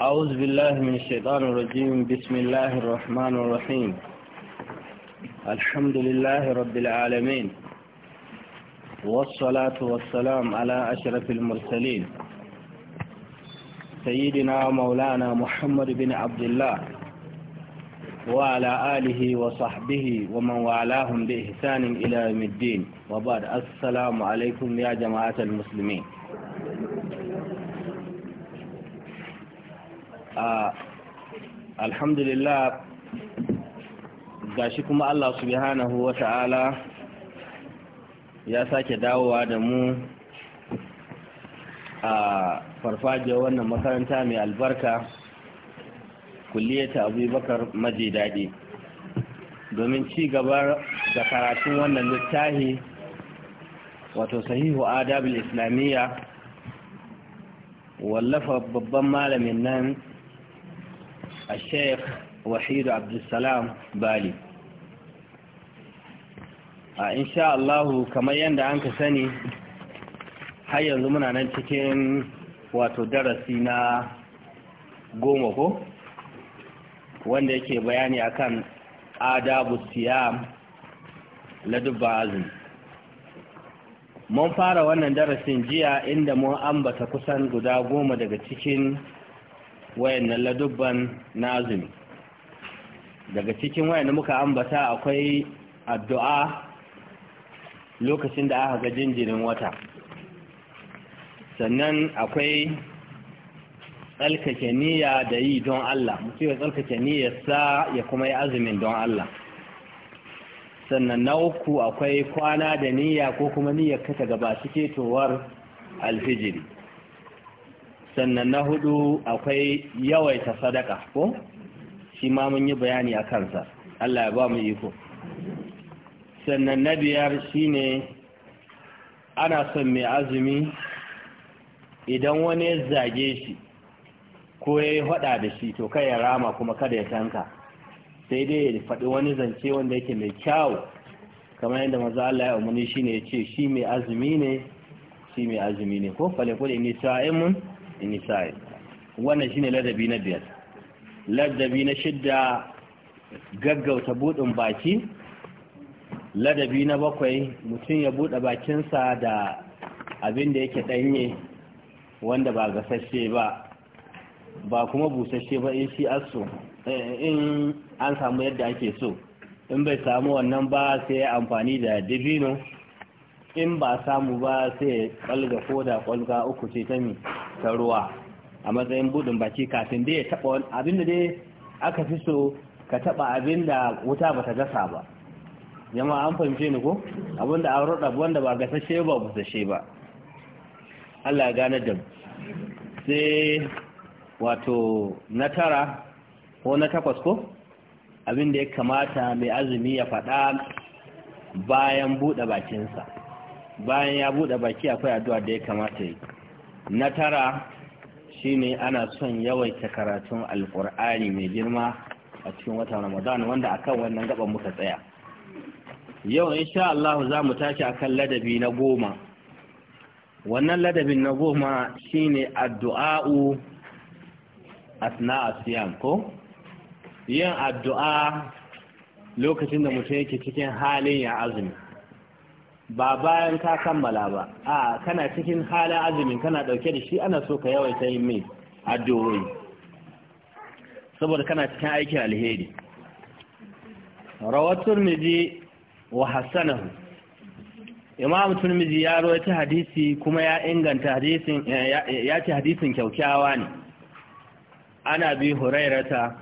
أعوذ بالله من الشيطان الرجيم بسم الله الرحمن الرحيم الحمد لله رب العالمين والصلاة والسلام على أشرف المرسلين سيدنا مولانا محمد بن عبد الله وعلى آله وصحبه ومن والاهم بإحسان إلى يوم الدين وبعد السلام عليكم يا جماعة المسلمين alhamdulillah gashi kuma Allah subhanahu wa ta'ala ya sake dawowa da mu a farfajiyar wannan makaranta mai albarka kulliyata abubakar maje daɗi domin ci gaba da karatun wannan littafi wato sahihu adabul islamiyya wallafa babban malamin nan الشيخ وحيد عبد السلام بالي ان شاء الله كما يندى انك سني هيا زمنا ننتكين وتدرسينا قومه wanda بياني اكان آداب السيام لدب عزم mun fara wannan darasin jiya inda mun ambata kusan guda goma daga cikin Wayan nan ladubban na azumi daga cikin wayanda muka ambata akwai addu'a lokacin da aka ga jinjirin wata sannan akwai tsalkake niyya da yi don Allah mutum ya tsalkake sa ya kuma yi azumin don Allah sannan na uku akwai kwana da niyya ko kuma niyyar kata gaba shi towar alfijiri sannan na hudu akwai yawaita sadaka ko shi ma mun yi bayani a kansa Allah ya ba mu iko sannan na biyar shine ana son mai azumi idan wani ya zage shi ko ya yi hada da shi to kai ya rama kuma kada ya tanka sai dai ya faɗi wani zance wanda yake mai kyawu kamar yadda maza Allah ya umarni shi ne ya ce shi mai azumi ne shi mai azumi ne ko fale kudi ni mun. nisa'i wannan shine ladabi na biyar ladabi na shidda gaggauta budin baki ladabi na bakwai mutum ya bude bakinsa da abin da yake danye wanda ba gasashe ba ba kuma busashe ba in shi asu in an samu yadda ake so in bai samu wannan ba sai amfani da dabino in ba samu ba sai kwalga ko da kwalga uku ce ta mi ta ruwa a matsayin budin baki kafin dai ya taba abin da dai aka fi so ka taba abin da wuta ba ta gasa ba yamma an fahimce ni ko abin da an ruɗa wanda ba gasashe ba busashe ba Allah ya gane da sai wato na tara ko na takwas ko abin da ya kamata mai azumi ya faɗa bayan buɗe bakinsa bayan ya buɗe baki akwai addu'a da ya kamata yi na tara shine ana son yawaita karatun alƙur'ani mai girma a cikin wata ramadan wanda akan wannan gaban muka tsaya yau insha Allah za mu tashi akan ladabi na goma wannan ladabin na goma shine addu'a'u asna asiyam ko yin addu'a lokacin da mutum yake cikin halin ya azumi ba bayan ka kammala ba a kana cikin halin azumin kana dauke da shi ana so ka yawaita yin mai addu'o'i saboda kana cikin aikin alheri rawat turmiji wa hassanahu imam turmiji ya rawaita hadisi kuma ya inganta hadisin ya ce hadisin kyaukyawa ne ana bi hurairata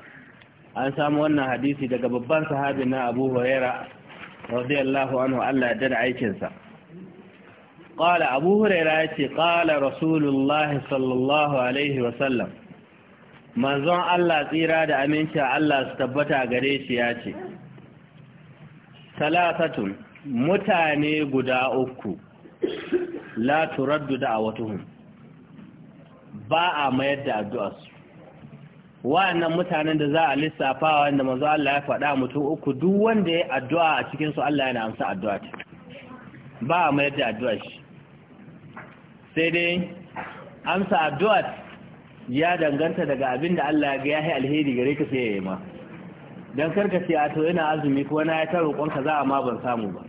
an samu wannan hadisi daga babban sahabi na abu huraira radiyallahu anhu Allah da aikinsa qala abu huraira yace qala rasulullahi sallallahu alaihi wa sallam manzon Allah tsira da aminci Allah su tabbata gare shi yace salatatun mutane guda uku la turaddu da'awatuhum ba a mayar da addu'arsu wa'annan mutanen da za a lissafa wanda manzo Allah ya faɗa mutum uku duk wanda ya addu'a a cikin su Allah yana amsa addu'a ta ba a mayar da addu'a shi sai dai amsa addu'a ya danganta daga abin da Allah ya yi alheri gare ka sai ya yi ma don karka sai a to yana azumi ko na ya ta roƙon ka za a ma ban samu ba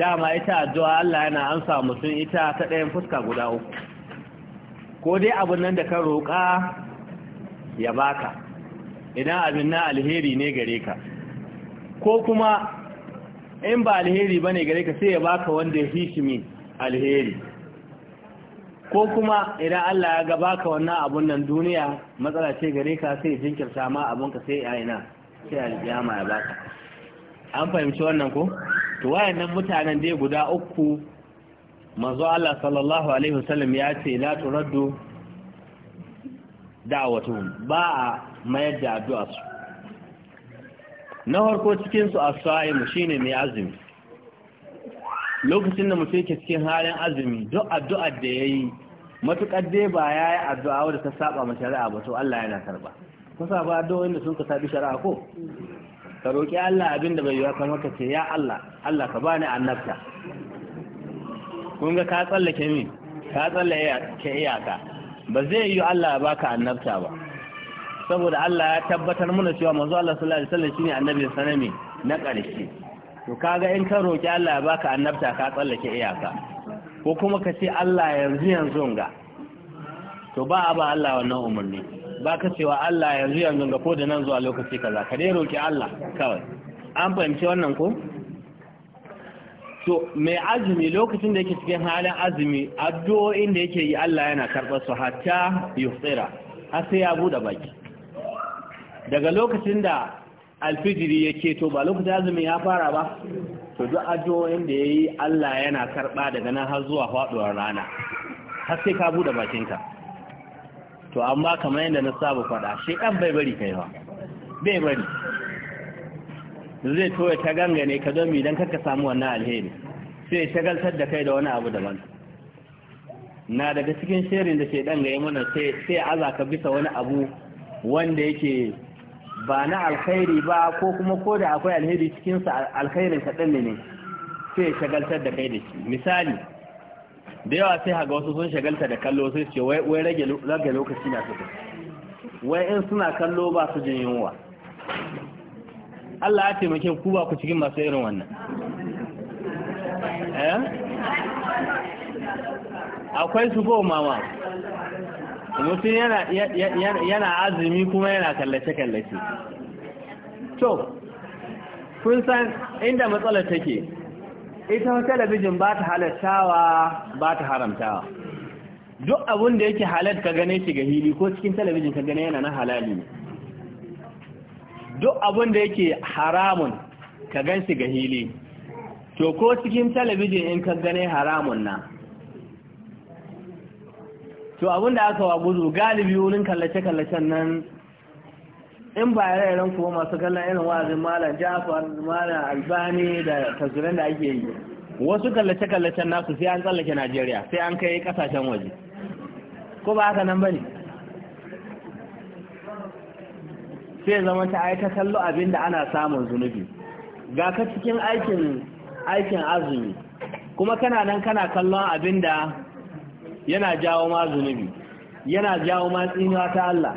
dama ita addu'a Allah yana amsa mutum ita ta ɗayan fuska guda uku ko dai abin nan da ka roƙa ya baka idan abin na alheri ne gare ka ko kuma in ba alheri bane gare ka sai ya baka wanda ya hishimi alheri ko kuma idan Allah ya ga baka wannan abun nan duniya matsala ce gare ka sai ya jinkirta ma abun ka sai ya ina sai alƙiyama ya baka an fahimci wannan ko to wayannan mutanen dai guda uku manzo Allah sallallahu alaihi wasallam ya ce la turaddu da'awatuhum ba a mayar da addu'a su na farko cikin su as-sa'im shine mai azumi lokacin da mutum yake cikin halin azumi duk addu'a da yayi matukar dai ba yayi addu'a wadda ta saba ma shari'a ba to Allah yana karba kusa ba addu'o'in da sun ka sabi shari'a ko ka roki Allah abinda bai yiwa kamar ka ce ya Allah Allah ka bani annabta kun ga ka tsallake min ka tsallake iyaka ba zai yi Allah ya baka annabta ba saboda Allah ya tabbatar mana cewa manzo Allah sallallahu alaihi wasallam shine annabi sanami na ƙarshe to kaga in ka roki Allah ya baka annabta ka tsallake iyaka ko kuma ka ce Allah yanzu yanzu ga to ba a ba Allah wannan umarni ba ka cewa Allah yanzu yanzu ga ko da nan zuwa lokaci kaza ka dai roki Allah kawai an fahimci wannan ko to mai azumi lokacin da yake cikin halin azumi addu'o'in da yake yi Allah yana karɓar su hatta yufira har sai ya bude baki daga lokacin da alfijiri yake to ba lokacin azumi ya fara ba to duk addu'o'in da yayi Allah yana karɓa daga nan har zuwa faduwar rana har sai ka bude bakinka to amma kamar yadda na saba faɗa dan bai bari kaiwa bai bari zai ya ta gangane ka don idan samu wannan alheri sai ya shagaltar da kai da wani abu daban na daga cikin shirin da ke ga gaya mana sai aza ka bisa wani abu wanda yake ba na alkhairi ba ko kuma ko da akwai alheri cikinsa alkhairin kaɗan ne sai ya shagaltar da kai da shi misali da yawa sai haga wasu sun shagalta da kallo sai ce wai rage lokaci na su wai in suna kallo ba su jin yunwa Allah ya taimake ku ba ku cikin masu irin wannan eh? akwai su ko mama mutum yana azumi kuma yana kallace-kallace to kun san inda matsalar take ita talabijin ba ta halattawa ba ta haramtawa duk abin da yake halar ka gane shi ga hili ko cikin talabijin ka gane yana na halali ne duk abin da yake haramun ka gan shi ga hili to ko cikin talabijin in ka gane haramun na to abin da aka wa guzu galibi wurin kallace-kallacen nan in ba yare-yaren kuma masu kallon irin wazin malam jafar malam albani da tasirin da ake yi wasu kallace-kallacen nasu sai an tsallake najeriya sai an kai kasashen waje ko ba haka nan ba ne sai zama ta aika kallo abin da ana samun zunubi ga ka cikin aikin azumi kuma kana nan kana kallon abin da yana jawo ma zunubi yana jawo ma tsinuwa ta Allah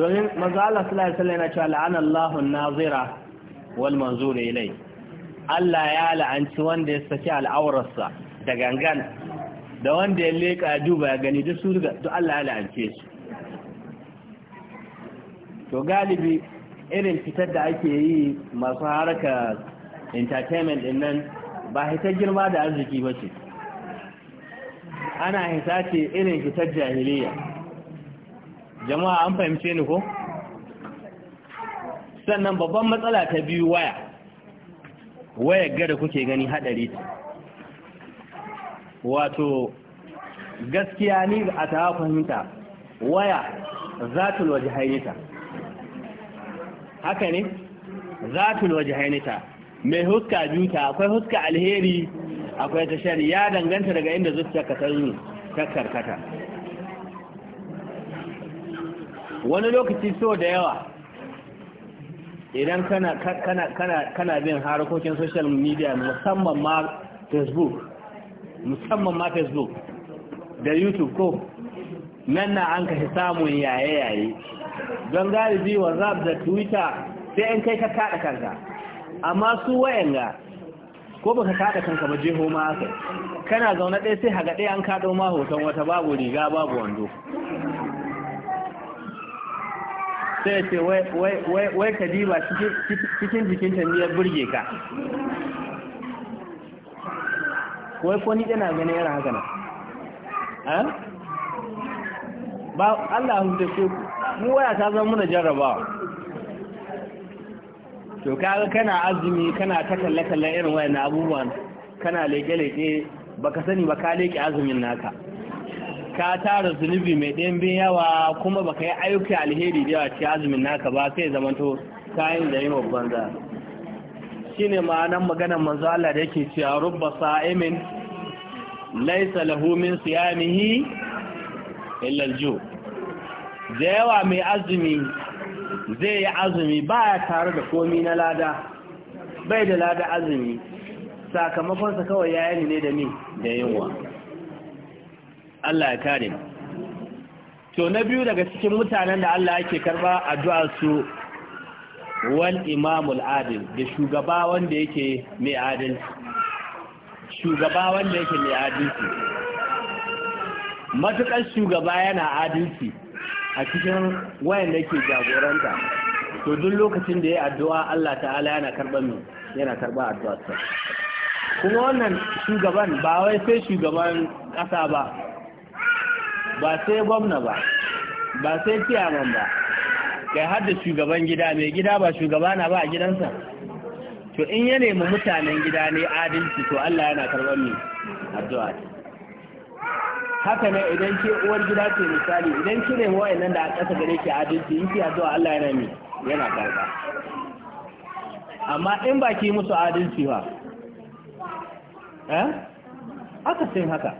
domin manzo Allah sallallahu alaihi wasallam cewa la'ana Allahu nazira wal manzura ilai Allah ya la'anci wanda ya saki al'aurarsa da gangan da wanda ya leka duba ya gani duk su duk Allah ya la'ance su to galibi irin fitar da ake yi masu haraka entertainment din nan ba hita girma da arziki ba ce ana hita ce irin fitar jahiliya jama'a an fahimce ni ko sannan babban matsala ta biyu waya wayar gada kuke gani hadari wato gaskiya ni a ta fahimta waya zata waje hainita haka ne zafin waje wajhainita mai huska juta akwai huska alheri akwai ta shari ya danganta daga inda zuciyarka ta zo ta karkata wani lokaci so da yawa idan kana kana bin harkokin social media musamman ma Facebook musamman ma Facebook da YouTube ko nan na an ka samun yaye yaye don galibi whatsapp da twitter sai in kai ka kada kanka amma su wayanga ko baka kada kanka ba jeho ma haka kana zaune ɗaya sai haga ɗaya an kaɗo ma hoton wata babu riga babu wando sai ce wai ka diba cikin jikinta ne ya burge ka wai ko ni ɗana ganin yana haka na eh? ba Allah hudu ku mu waya ta zama muna jarrabawa to kaga kana azumi kana ta kalle kalle irin wayannan abubuwan kana leke leke baka sani ba ka leke azumin naka ka tara zunubi mai ɗimbin yawa kuma baka yi ayyuka alheri da yawa ci azumin naka ba sai zamanto kayan da yi babban za shi ne ma'anan maganar manzo Allah da yake cewa rubba sa'imin laisa lahu min siyamihi illa al-ju' da yawa mai azumi zai yi azumi ba ya tare da komi na lada bai da lada azumi sakamakonsa kawai ya yi ne da ni da yunwa Allah ya kare to na biyu daga cikin mutanen da Allah yake karba addu'a su wal imamul adil da shugaba wanda yake mai adalci shugaba wanda yake mai adalci matukar shugaba yana adalci a cikin wayan da ke jagoranta to duk lokacin da ya addu'a Allah ta'ala yana karɓar mu yana karɓar addu'a ta kuma wannan shugaban ba wai sai shugaban ƙasa ba ba sai gwamna ba ba sai ciyaman ba kai har da shugaban gida mai gida ba shugaba na ba a gidansa to in ya nemi mutanen gida ne adalci to Allah yana karɓar mu addu'a ta haka ne idan ke uwar gida ce misali idan cire wa'annan da a ƙasa gare ki adalci in kiya zuwa Allah yana ni, yana karɓa amma in ba ki musu adalci ba eh aka sai haka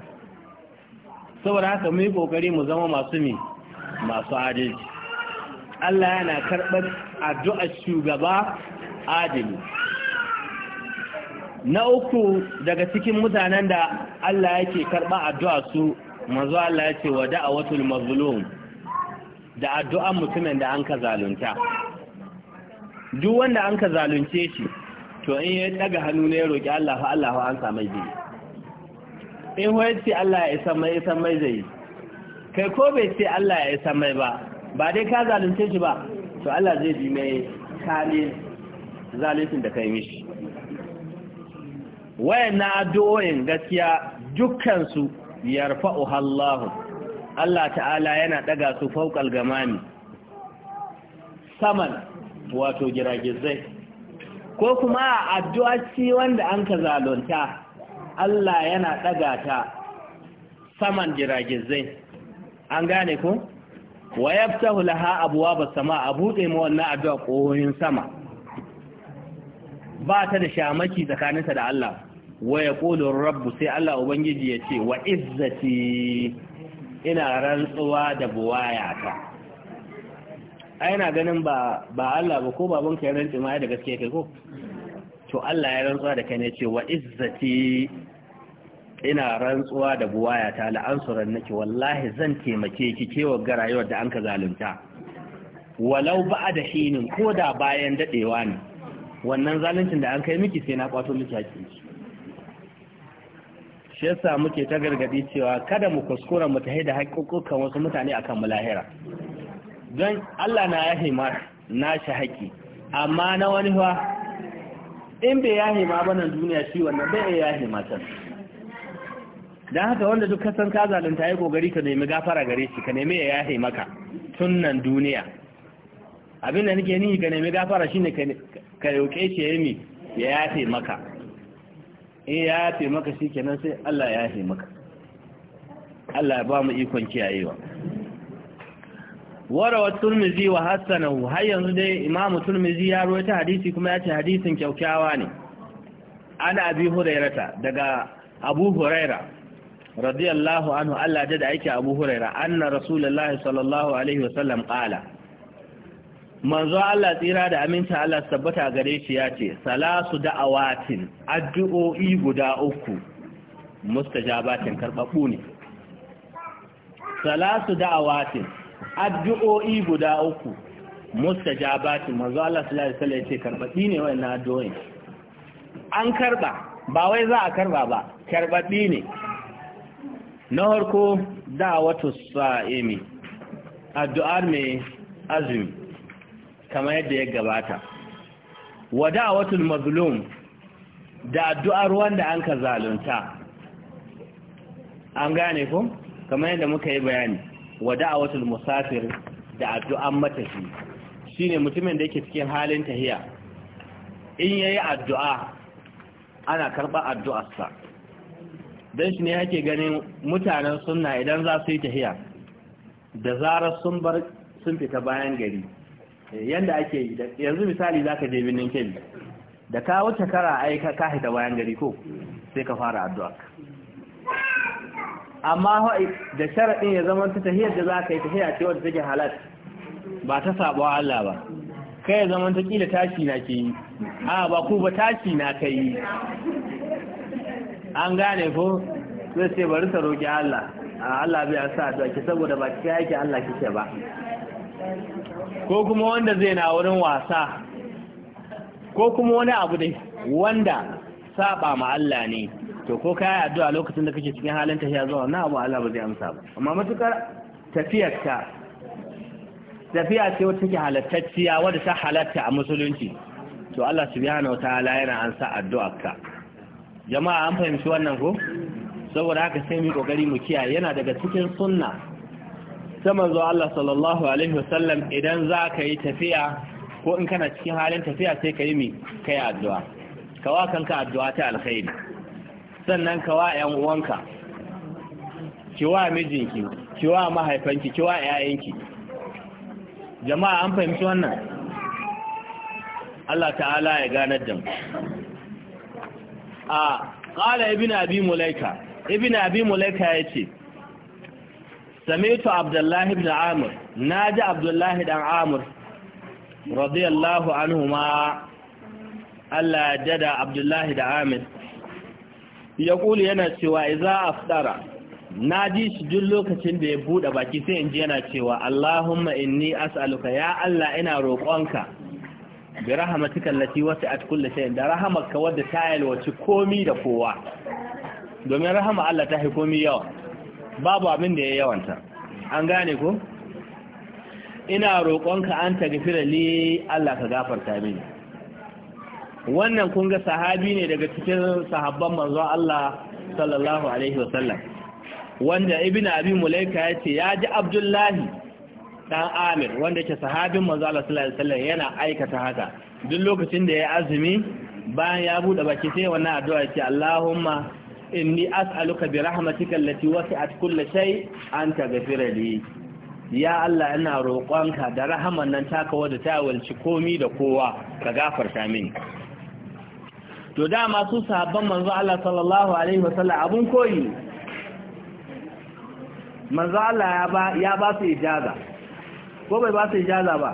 saboda haka mu yi kokari mu zama masu mi masu adalci Allah yana karɓar addu'ar shugaba adali na uku daga cikin mutanen da Allah yake karɓa addu'a su manzo Allah ya ce wa da'awatul mazlum da addu'an mutumin da an ka zalunta duk wanda an ka zalunce shi to in ya daga hannu ne ya roki Allah fa Allah an sa mai zai in wai ce Allah ya isa mai isa mai zai kai ko bai ce Allah ya isa mai ba ba dai ka zalunce shi ba to Allah zai bi mai kale zaluncin da kai mishi wayannan addu'o'in gaskiya dukkan su yarfa'uha Allah Allah ta'ala yana daga su fawqal gamami saman wato giragizai ko kuma a addu'a ci wanda an ka zalunta Allah yana daga ta saman giragizai an gane ku wa yaftahu laha abwaba sama a buɗe mu wannan addu'a kohoyin sama ba ta da shamaki tsakaninta da Allah wa yaqulu rabbu sai Allah ubangiji ya ce wa izzati ina rantsuwa da buwayata ai yana ganin ba Allah ba ko baban ka ya rantsi ma da gaskiya kai ko to Allah ya rantsuwa da kai ce wa izzati ina rantsuwa da buwayata la nake wallahi zan taimake ki kewa ga rayuwar da an ka zalunta walau ba da hinin ko da bayan dadewa ne wannan zaluncin da an kai miki sai na kwato miki haƙƙi shi yasa muke ta gargadi cewa kada mu kuskura mu tahi da haƙƙoƙan wasu mutane akan mu lahira don Allah na yahi ma na shi haƙƙi amma na wani fa in bai yahi ma ba nan duniya shi wannan bai iya yahi ma can dan haka wanda duk kasan ka zalunta yi kokari ka nemi gafara gare shi ka nemi ya yahi maka tun nan duniya abin da nake nihi ka nemi gafara shine ka ka shi ya yi ya yahi maka in ya yafe maka shi kenan sai Allah ya yafe maka Allah ya ba mu ikon kiyayewa warawa turmizi wa hassanahu har yanzu dai imamu turmizi ya ruwaita hadisi kuma ya ce hadisin kyaukyawa ne ana abi hurairata daga abu huraira radiyallahu anhu Allah da da yake abu huraira anna rasulullahi sallallahu alaihi wasallam qala manzo Allah tsira da aminta Allah tabbata gare shi ya ce salasu da'awatin addu'o'i guda uku mustajabatin karbabu ne salasu da'awatin addu'o'i guda uku mustajabatin manzo Allah sallallahu alaihi wasallam ya ce karbabi ne wannan addu'o'i. an karba ba wai za a karba ba karbabi ne na harko da'awatu sa'imi addu'ar mai azumi kamar yadda ya gabata watul mazlum da addu'ar wanda an ka zalunta an gane ko kamar yadda muka yi bayani watul musafir da addu'an matafi shine mutumin da yake cikin halin tahiya in yayi addu'a ana karɓar addu'arsa don shi ne yake ganin mutanen sunna idan za su yi tahiya da zarar sun bar sun fita bayan gari yanda ake yi yanzu misali za ka je birnin kebbi da ka wuce kara ai ka hita bayan gari ko sai ka fara addu'a amma da sharaɗin ya zama ta tahiyar da ka yi tahiyar ce wanda take halal ba ta sabuwa Allah ba kai ya zama ta kila tashi na ke yi a ba ku ba tashi na ka yi an gane ko zai ce bari ta roƙi Allah a Allah bai sa addu'a ki saboda ba ki yake Allah kike ba ko kuma wanda zai na wurin wasa ko kuma wani abu dai wanda saba ma Allah ne to ko kai addu'a lokacin da kake cikin halin tafiya zuwa wannan abu Allah ba zai amsa ba amma matukar tafiyar ta tafiya ce wacce take halattacciya wadda ta halatta a musulunci to Allah subhanahu wataala yana ansa addu'arka jama'a an fahimci wannan ko saboda haka sai mu kokari mu kiyaye yana daga cikin sunna ta manzo Allah sallallahu alaihi wasallam idan za ka yi tafiya ko in kana cikin halin tafiya sai ka yi mi ka yi addu'a kawa kanka addu'a ta alkhairi sannan kawa 'yan uwanka kiwa mijinki kiwa mahaifanki kiwa 'ya'yanki. jama'a an fahimci wannan Allah ta'ala ya ganar da mu a qala ibn abi mulaika ibn abi mulaika yace samitu abdullahi ibn amur na ji abdullahi dan amur radiyallahu anhu ma Allah jada abdullahi da ya kuli yana cewa iza aftara na ji shi duk lokacin da ya buɗe baki sai in ji yana cewa Allahumma inni as'aluka ya Allah ina roƙonka bi rahmatika allati wasi'at kulli shay'in da rahamarka wadda ta yalwaci komi da kowa domin rahama Allah ta hi yawa babu abin da ya yawanta an gane ko ina roƙonka an tagfira li Allah ka gafarta mini wannan kun ga sahabi ne daga cikin sahabban manzo Allah sallallahu alaihi wasallam wanda ibnu abi mulaika yace ya ji abdullahi dan amir wanda yake sahabin manzo Allah sallallahu alaihi wasallam yana aikata haka duk lokacin da ya azumi bayan ya bude baki sai wannan addu'a yace Allahumma inni as'aluka bi rahmatika allati wasi'at kulli shay an taghfira li ya Allah ina roƙonka da rahaman nan taka wadda ta walci komi da kowa ka gafarta mini to dama su sahabban manzo Allah sallallahu alaihi sallam, abun koyi manzo Allah ya ba ya ba su ijaza ko bai ba su ijaza ba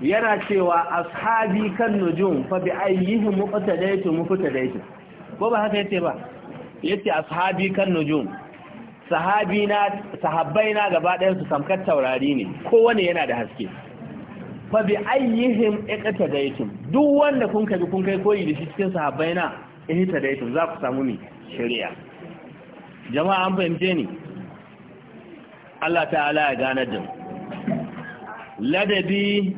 yana cewa ashabi kan nujum fa bi ayyihim muqtadaitu muqtadaitu ko ba haka yace ba yace ashabi kan nujum sahabbai na gaba ɗayan su samkar taurari ne kowane yana da haske fa bi ayyihim daytum duk wanda kun kabi kun kai koyi da shi cikin iqta daytum za ku samu ni shari'a jama'a an fahimce ni Allah ta'ala ya ganar da ladabi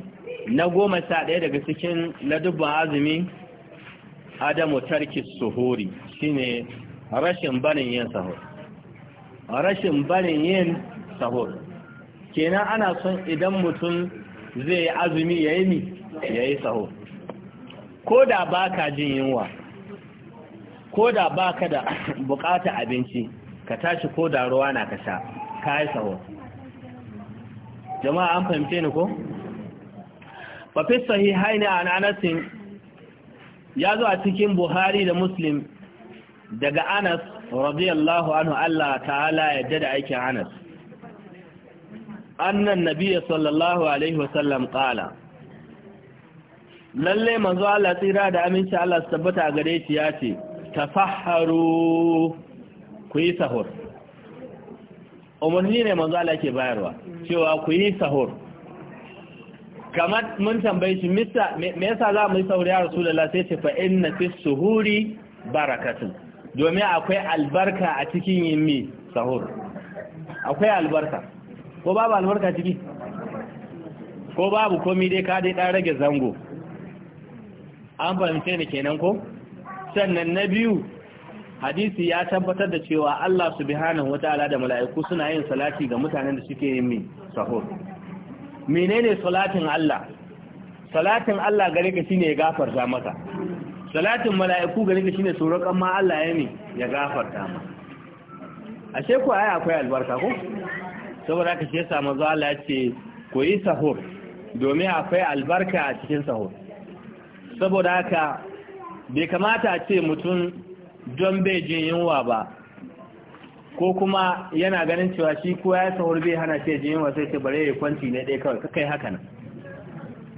na goma sha ɗaya daga cikin ladubban azumi adamu tarki suhuri shine rashin barin yin sahur rashin barin yin sahur kenan ana son idan mutum zai yi azumi ya yi ya yi sahur ko da ba ka jin yunwa ko da ba ka da bukata abinci ka tashi ko da ruwa na ka sha ka yi sahur jama'a an fahimce ni ko? Ba sahi haini a nanasin ya zo a cikin buhari da muslim daga Anas radiyallahu anhu Allah ta'ala ya da aikin Anas annan nabiyya sallallahu alaihi wasallam kala lalle manzo Allah tsira da aminci Allah su tabbata gare shi ya ce tafaharu ku yi sahur umarni ne manzo Allah ke bayarwa cewa ku yi sahur kamar mun tambaye shi me yasa za mu yi sahur ya rasulullah sai ce fa inna fis suhuri barakatun domin akwai albarka a cikin yin mi sahur akwai albarka ko babu albarka ciki ko babu komi dai ka dai ɗan rage zango an fahimce ne kenan ko sannan na biyu hadisi ya tabbatar da cewa Allah subhanahu wataala da mala'iku suna yin salati ga mutanen da suke yin mi sahur menene salatin Allah salatin Allah gare ka shine ya gafarta maka salatin mala'iku gare ka shine sorokan ma Allah ya ne ya gafarta ma ashe ko ai akwai albarka ko saboda ka shesa manzo Allah ya ce ku yi sahur domin akwai albarka a cikin sahur saboda haka bai kamata a ce mutum don bai jin yunwa ba ko kuma yana ganin cewa shi ko ya sahur bai hana ce jin yunwa sai ce bare ya kwanci ne ɗaya kawai kakai haka nan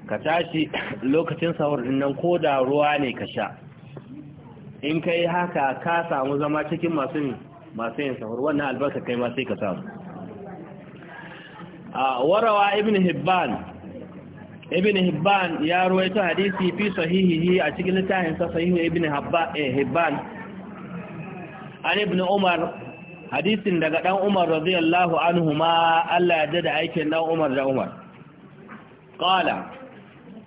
ka tashi lokacin sahur din nan ko da ruwa ne ka sha in ka yi haka ka samu zama cikin masu masu yin sahur wannan albarka kai ma sai ka samu a warawa ibn hibban ibn hibban ya ruwaito hadisi fi sahihihi a cikin littafin sa sahihu ibn eh, hibban an ibn umar hadisin daga dan umar radiyallahu anhu ma Allah ya da aikin dan umar da umar qala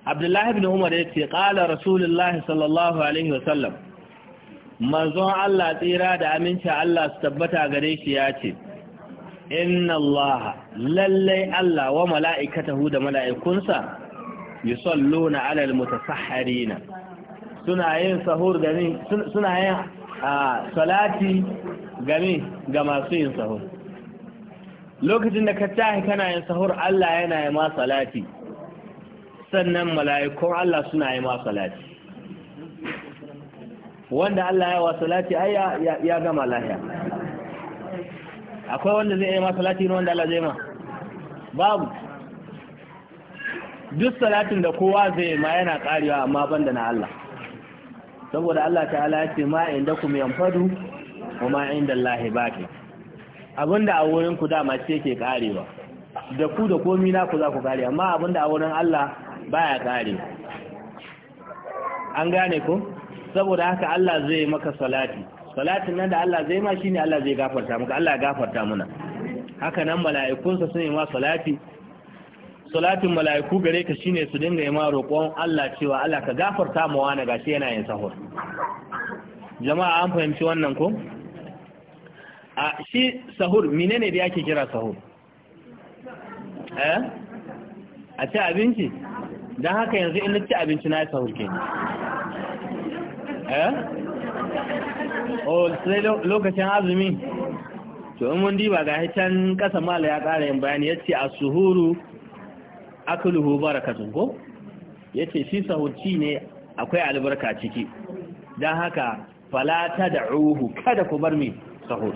abdullahi ibn umar ya ce ƙala rasulullahi sallallahu alaihi wasallam manzon Allah tsira da aminci Allah su tabbata gare shi ya ce inna Allah lallai Allah wa mala'ikatahu da mala'ikunsa yusalluna ala almutasahharina suna yin sahur game suna yin salati game ga masu yin sahur lokacin da ka tahi kana yin sahur Allah yana yi ma salati sannan mala'ikun Allah suna yi ma salati wanda Allah ya wa salati ai ya gama lahiya akwai wanda zai yi ma salati ne wanda Allah zai ma babu duk salatin da kowa zai ma yana karewa amma banda na Allah saboda Allah ta'ala ya ce ma inda ku mai amfadu wa ma inda Allah baki abinda a wurin ku dama ce ke karewa da ku da komi na ku za ku kare amma abinda a wurin Allah baya kare an gane ko saboda haka Allah zai maka salati salatin nan da Allah zai ma shine Allah zai gafarta maka Allah ya gafarta muna haka nan mala'ikunsa sun yi ma salati salatin mala'iku gare ka shine su dinga yi ma roƙon Allah cewa Allah ka gafarta wa wani gashi yana yin sahur jama'a an fahimci wannan ko a shi sahur menene da yake kira sahur eh a ci abinci don haka yanzu in ci abinci na isa hulke ne eh o oh, sai lokacin azumi to in mun diba ga can kasa mala ya kara yin bayani yace asuhuru suhuru akluhu barakatun ko yace shi sahurci ne akwai albarka ciki don haka fala ruhu kada ku bar mi sahur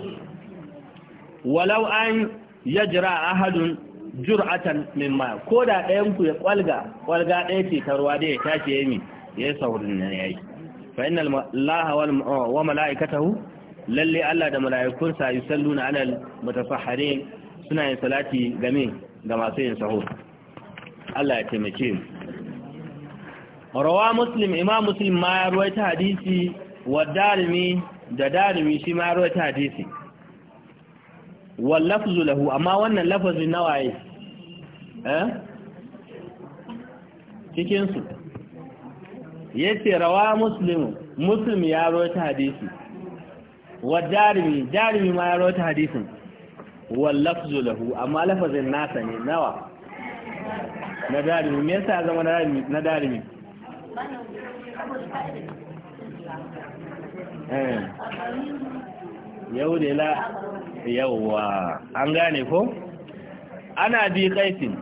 walau an yajra ahadun jur'atan min ma ko da ɗayan ku ya kwalga kwalga ɗaya ce ta ruwa da ya tashi ya mi ya saurin nan yayi fa innal laha oh, wa malaikatahu lalle Allah da malaikunsa yusalluna alal mutasahhirin suna yin salati game ga masu yin sahur Allah ya taimake mu rawa muslim imam muslim ma ya ruwaita hadisi wa darimi da darimi shi ma ya ruwaita hadisi wal lafzu lahu amma wannan lafazin nawaye eh cikin su yace rawa muslimu muslim ya rawaita hadisi wa darimi darimi ma ya rawaita hadisin wal lafzu lahu amma lafazin nasa ne nawa na darimi me yasa zama na darimi eh. yau da la yawwa an gane ko ana bi kaisin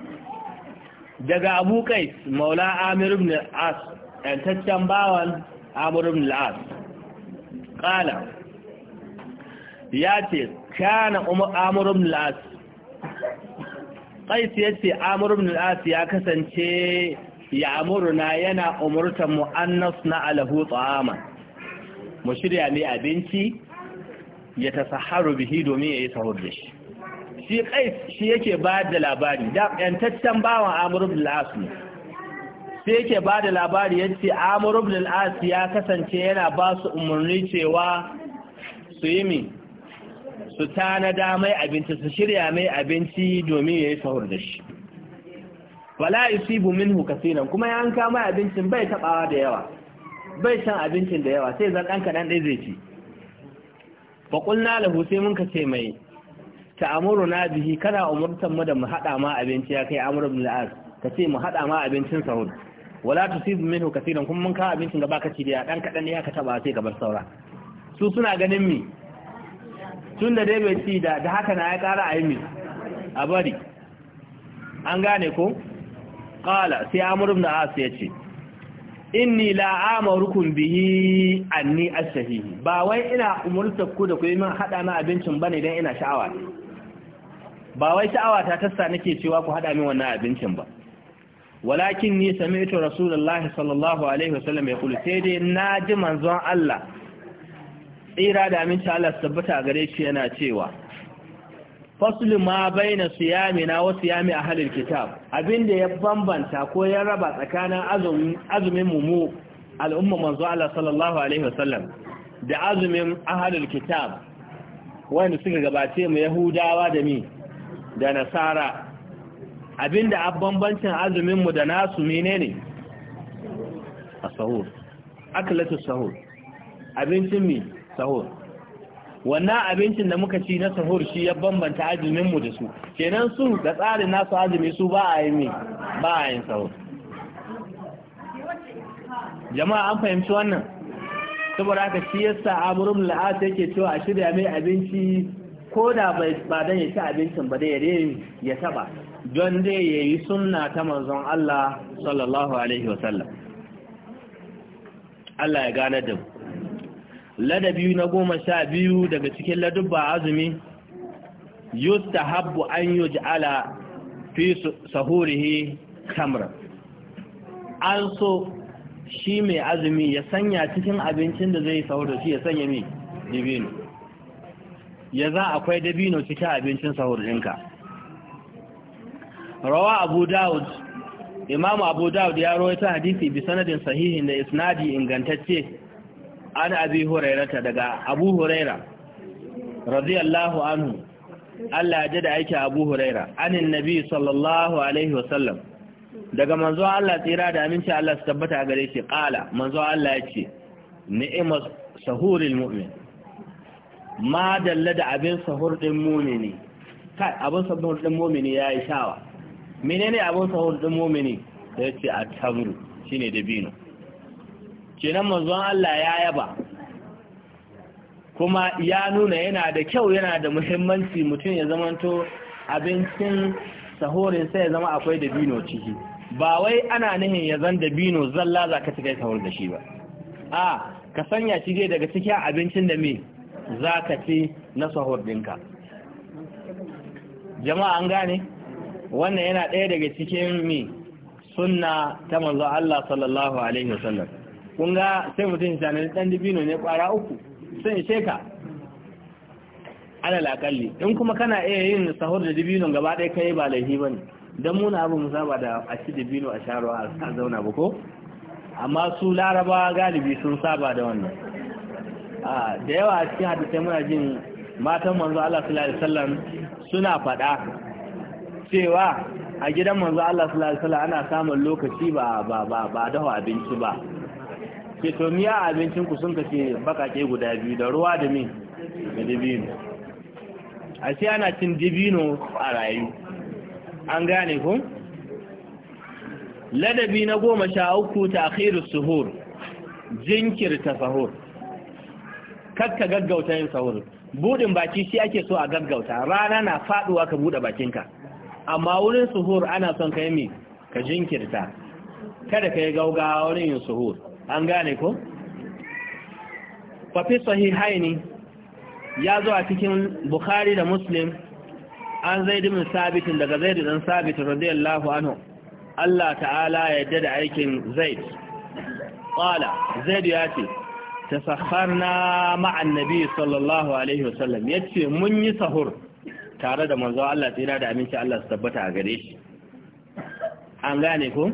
daga abu kais maula amir ibn as yantaccen bawan amir ibn as kala ya ce kana amir ibn as kais ya ce amir ibn as ya kasance ya amuruna yana umurtan mu'annas na alahu ta'ama mu shirya ne abinci ya tasaharu bihi domin ya yi sahur da shi shi kai shi yake ba da labari da yantaccen bawan amur ibn al-as ne sai yake ba da labari yace amur ibn al-as ya kasance yana ba su umarni cewa su yi mi su tanada mai abinci su shirya mai abinci domin ya yi sahur da shi wala yusibu minhu kaseeran kuma ya an kama abincin bai tabawa da yawa bai shan abincin da yawa sai zan dan kadan dai zai ci fa qulna lahu sai mun ka ce mai ta'amuruna bihi kana umurtan mu da mu hada ma abinci ya kai amuru ibn al ka ce mu hada ma abincin sahur wala tusib minhu kaseeran kuma mun ka abincin gaba ka ci da dan kadan ne ka taba sai gabar saura su suna ganin mi tun da dai bai ci da da haka na ya kara a yi mi a bari an gane ko qala sai amuru ibn al ya ce inni la'amarukum bihi anni astahihi ba wai ina umurta ku da ku yi min hada na abincin bane dan ina sha'awa ba wai sha'awa ta tassa nake cewa ku haɗa min wannan abincin ba walakin ni sami'tu rasulullahi sallallahu alaihi wasallam ya kula sai dai na ji manzon Allah tsira da aminci Allah tabbata gare shi yana cewa faslu ma baina wasu yami a halin kitab abinda ya bambanta ko ya raba tsakanin azumin mumu mu al'umma manzo Allah sallallahu alaihi wasallam da azumin ahalul kitab wanda suka gabace mu yahudawa da mi da nasara abinda a bambancin azumin mu da nasu menene as-sahur aklatu sahur abincin mi sahur wannan abincin da muka ci na sahur shi ya bambanta azumin mu da su kenan su da tsarin nasu azumi su ba a yi ba a yin sahur jama'a an fahimci wannan saboda haka shi yasa amurum la'ata yake cewa a shirya mai abinci ko da ba dan ya ci abincin ba dai ya ya taba don dai ya yi sunna ta manzon Allah sallallahu alaihi wasallam Allah ya gane da mu ladabi na goma sha biyu daga cikin ladubba azumi yustahabbu an yuj'ala fi sahurihi kamar. an so shi mai azumi ya sanya cikin abincin da zai sahur da shi ya sanya mai dabino ya za akwai dabino cikin abincin sahur rawa abu dawud imamu abu dawud ya rawaita hadisi bi sanadin sahihin da isnadi ingantacce an abi hurairata daga abu huraira radiyallahu anhu Allah ji da ake abu huraira anin nabi sallallahu alaihi wasallam daga manzo Allah tsira da aminci Allah su tabbata a gare shi kala manzo Allah ya ce ni'imar sahuril mu'min ma dalla da abin sahur din mumini kai abin sahur din mumini yayi shawa menene abin sahur din mumini sai ce at-tamru shine dabino kenan manzon Allah ya yaba kuma ya nuna yana da kyau yana da muhimmanci mutum ya zamanto abincin sahorin sai ya zama akwai da dabino ciki ba wai ana nihin ya zan dabino zalla za ka cika sahur da shi ba a ka sanya shi dai daga cikin abincin da me za ka ci na sahur ɗinka jama'a an gane wannan yana ɗaya daga cikin me sunna ta manzo Allah sallallahu alaihi wasallam kun ga sai mutum sanar dan dibino ne kwara uku sai ya sheka. alal akalli in kuma kana iya yin sahur da dibino gaba ɗaya kai ba laifi bane dan muna abu mu saba da a ci dibino a sharo a zauna ba ko amma su laraba galibi sun saba da wannan a da yawa a cikin hadisi muna jin matan manzo Allah sallallahu alaihi wasallam suna faɗa cewa a gidan manzo Allah sallallahu alaihi wasallam ana samun lokaci ba ba ba ba dafa abinci ba ke to miya abincin ku sun kace bakake guda biyu da ruwa da min da Dibino. a sai ana cin Dibino a rayu an gane ku ladabi na goma sha uku ta akhiru suhur jinkirta sahur kakka gaggauta yin sahur budin baki shi ake so a gaggauta rana na faduwa ka bude bakinka amma wurin suhur ana son ka yi ka jinkirta kada ka yi gaugawa wurin yin suhur an gane ko fafi sahihaini ya zo a cikin bukhari da muslim an zai dimin sabitin daga zai dan sabitin radiyallahu anhu Allah ta'ala ya yadda da aikin zaid ƙwala zaid ya ce ta saharna ma'an nabi sallallahu alaihi wasallam ya ce mun yi sahur tare da manzo Allah tsira da aminci Allah su tabbata a gare shi an gane ko?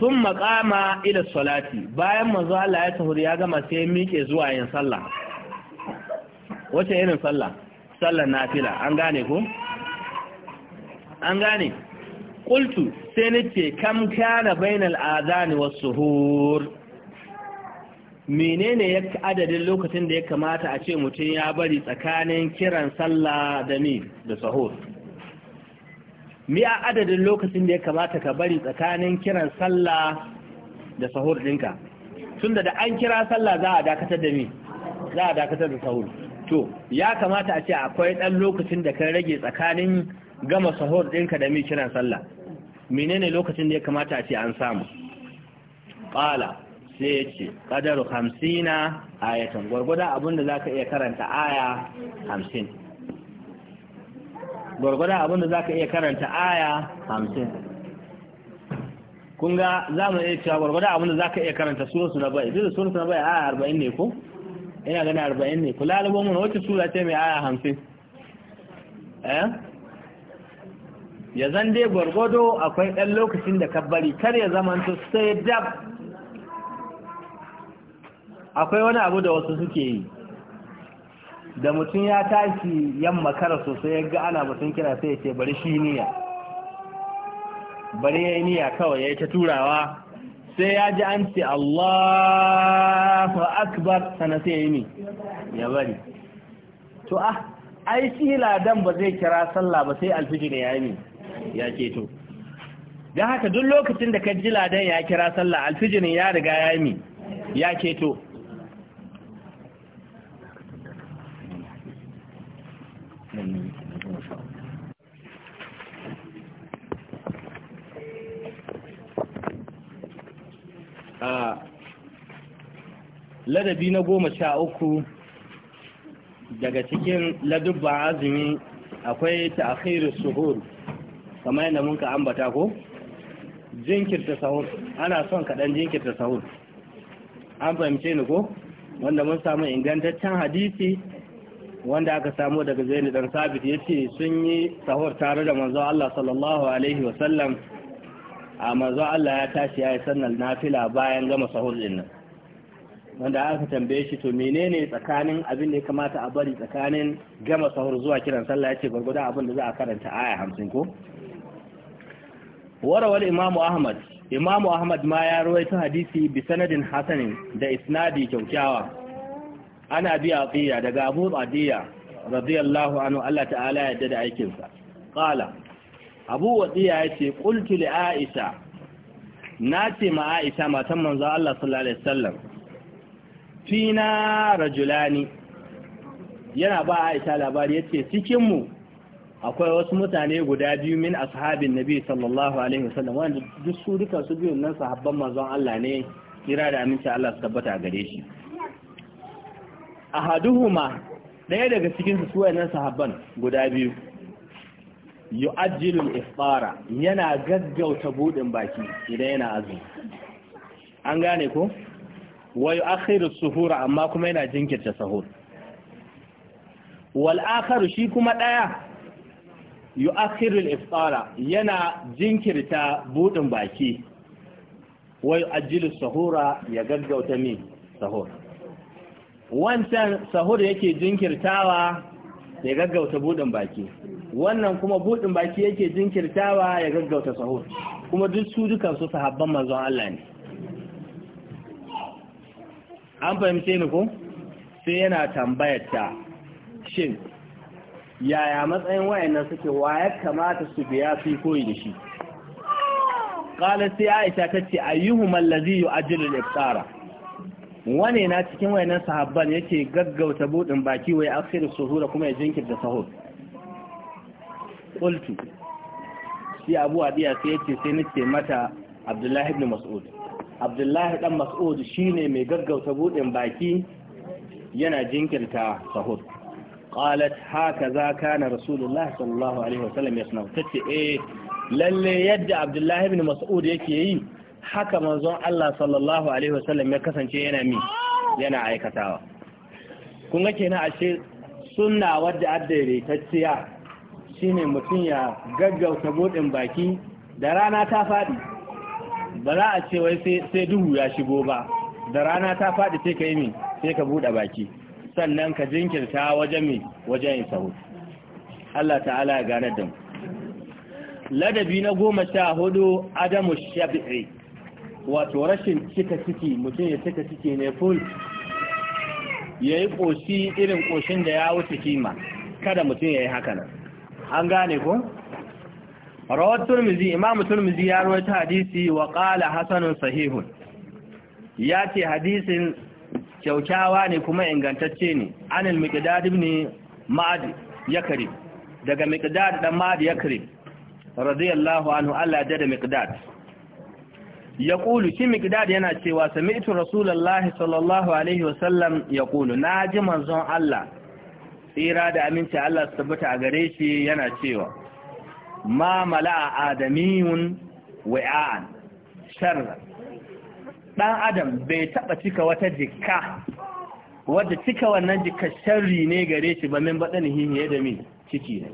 sun maƙama ila salati bayan manzo Allah ya tahuri ya gama sai ya miƙe zuwa yin sallah wace irin sallah sallar nafila an gane ko an gane qultu sai nace kam kana bainal adhan was suhur menene ya adadin lokacin da ya kamata a ce mutum ya bari tsakanin kiran sallah da ni da sahur mi a adadin lokacin da ya kamata ka bari tsakanin kiran sallah da sahur ɗinka tunda da an kira sallah za a dakatar da mi za a dakatar da sahur to ya kamata a ce akwai ɗan lokacin da kan rage tsakanin gama sahur ɗinka da mi kiran sallah menene lokacin da ya kamata a ce an samu ƙala sai ya ce Ƙadar hamsina ayatan gwargwada abinda za ka iya karanta aya hamsin gwargwadon abin da za ka iya karanta aya hamsin kun ga za mu iya cewa gwargwadon abin da za ka iya karanta sunansu na bai duk suratu na bai aya arba'in ne ko ina gani arba'in ne kula da bomun wacce sura ce mai aya hamsin eh ya zan dai gwargwado akwai ɗan lokacin da kabbari kar ya zamanta sai dab akwai wani abu da wasu suke yi da mutum ya tashi yamma kara sosai ya ga ana mutum kira sai ya ce bari shi niya bari ya yi niya kawai ya yi ta turawa sai ya ji an ce Allahu akbar sana sai ya yi ni ya bari to ah ai shi ladan ba zai kira sallah ba sai alfijir ya yi ni ya keto don haka duk lokacin da ka ji ladan ya kira sallah alfijirin ya riga ya yi ya keto a ladabi na goma sha uku daga cikin ladubba azumi akwai ta akhirin suhur kamar yadda mun ka ambata ko jinkirta sahur ana son kaɗan jinkirta sahur an fahimce ni ko wanda mun samu ingantaccen hadisi wanda aka samu daga zaini dan sabit ya ce sun yi sahur tare da manzo Allah sallallahu alaihi wasallam a manzo Allah ya tashi ya yi sannan nafila bayan gama sahur din nan wanda aka tambaye shi to menene tsakanin abin da ya kamata a bari tsakanin gama sahur zuwa kiran sallah ya ce gwargwadon abin da za a karanta aya hamsin ko warawar imamu ahmad imamu ahmad ma ya rawaito hadisi bi sanadin hasanin da isnadi kyaukyawa ana bi atiya daga abu atiya radiyallahu anhu Allah ta'ala ya yarda da aikinsa qala abu wadiya yace qultu li aisha nace ma aisha matan manzo Allah sallallahu alaihi wasallam fina rajulani yana ba aisha labari yace cikin mu akwai wasu mutane guda biyu min ashabin nabi sallallahu alaihi wasallam wanda duk su duka su biyun nan sahabban manzon Allah ne kira da aminci Allah su tabbata gare shi A ahaduhuma ɗaya daga cikin su wayannan sahabban guda biyu yu'ajjilu al yana gaggauta budin baki idan yana azumi an gane ko wa yu'akhiru suhura amma kuma yana jinkirta sahur wal akharu shi kuma ɗaya yu'akhiru al yana jinkirta budin baki wa yu'ajjilu suhura ya gaggauta min sahur wancan sahur yake jinkirtawa ya gaggauta budin baki wannan kuma budin baki yake jinkirtawa ya gaggauta sahur kuma duk su duka su sahabban manzon Allah ne an fahimce ni ko sai yana tambayar ta shin yaya matsayin wayannan suke ya kamata su biya su koyi da shi qala sai Aisha tace ayyuhum allazi yu'ajjilu al-iftara wane na cikin wayannan sahabban yake gaggauta budin baki wai akhir suhura kuma ya jinkirta sahur qultu shi Abu Adiya sai yace sai nace mata Abdullahi ibn Mas'ud Abdullahi dan Mas'ud shine mai gaggauta budin baki yana jinkirta sahur qalat hakaza kana rasulullahi sallallahu alaihi wasallam yasna tace eh lalle yadda Abdullahi ibn Mas'ud yake yi haka manzon Allah sallallahu alaihi wasallam ya kasance yana mi yana aikatawa kun ga kenan ashe sunna wadda addare ta tsiya shine mutum ya gaggauta buɗin baki da rana ta faɗi ba za a ce wai sai duhu ya shigo ba da rana ta faɗi sai ka mi sai ka buɗe baki sannan ka jinkirta wajen mi wajen yin sahu Allah ta'ala ya ganar da mu ladabi na goma sha hudu adamu shabi'i wato rashin cika ciki mutum ya cika ciki ne full ya yi ƙoshi irin ƙoshin da ya wuce kima kada mutum ya yi haka an gane ko? rawar turmizi imamu turmizi ya ruwa ta hadisi wa ƙala hasanun sahihun ya ce hadisin kyaukyawa ne kuma ingantacce ne anil ne ibn ma'ad yakrib daga miqdad ɗan ma'ad yakrib radiyallahu anhu Allah ya da miqdad ya ƙulu shi mikidad yana cewa ito Rasulallah sallallahu alaihi wasallam ya ƙulu na ji manzon Allah tsira da aminci Allah su tabbata a gare shi yana cewa ma mala'a adamiyun wa'a'an sharra dan adam bai taɓa cika wata jikka wadda cika wannan jikka sharri ne gare shi ba min baɗin yi da min ciki ne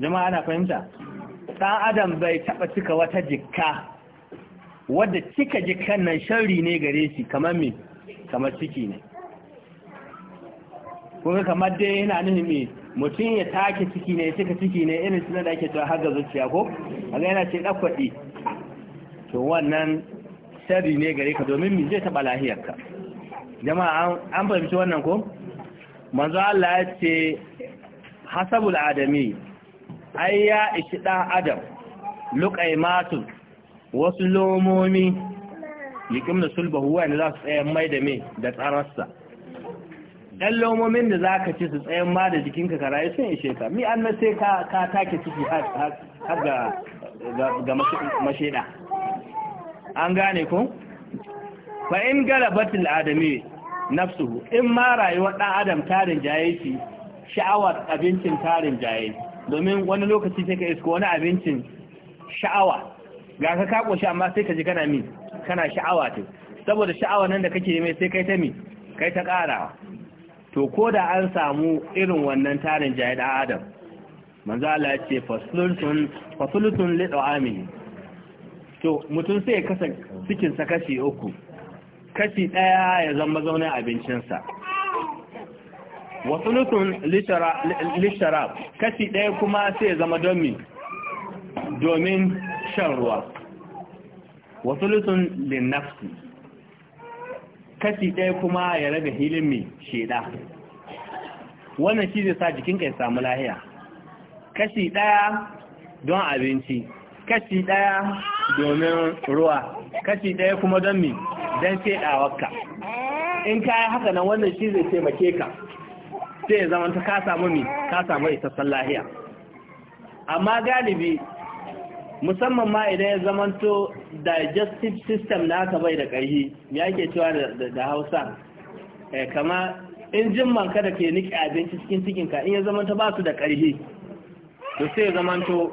jama'a ana fahimta ɗan adam bai taɓa cika wata jikka wadda cika jikkan nan shari ne gare shi kamar me kamar ciki ne kuma kamar dai yana nuhi me mutum ya take ciki ne cika ciki ne irin suna da ake cewa haga zuciya ko a ga yana ce ɗakwaɗi to wannan shari ne gare ka domin me zai taɓa lahiyarka jama'a an fahimci wannan ko manzo Allah ya ce hasabul adami ai ya ishi ɗan adam luƙaimatun wasu lomomi yikim da sulba huwa ne za su tsayan mai da me da tsararsa ɗan lomomin da za ka ci su tsayan ma da jikinka ka rayu sun ishe ka mi an na sai ka take ciki har ga mashida an gane ku fa in batul adami nafsuhu in ma rayuwar ɗan adam tarin jayeci shi sha'awar abincin tarin jayeci domin wani lokaci sai ka isko wani abincin sha'awa ga ka kako shi amma sai ka ji kana mi kana sha'awa ce saboda sha'awa nan da kake mai sai kai ta mi kai ta ƙarawa to ko da an samu irin wannan tarin jayi da adam manzo Allah ya ce fasulutun fasulutun li to mutum sai ya kasa cikin sa kashi uku kashi daya ya zama zaunin sa wa sulusun lisharab kashi ɗaya kuma sai zama domin domin shan ruwa wa sulusun linnafsi kashi ɗaya kuma ya raga hilin mai sheda wannan shi zai sa jikinka ya samu lahiya kashi ɗaya don abinci kashi ɗaya domin ruwa kashi ɗaya kuma don mi don shedawarka in ka yi haka nan wannan shi zai taimake ka sai ya zama ka samu mi ka samu ita lahiya amma galibi musamman ma idan ya to digestive system na ka bai da ƙarfi ya ke cewa da hausa eh, kama injin manka da ke niƙe abinci cikin ka in ya ta ba su da ƙarfi to sai ya to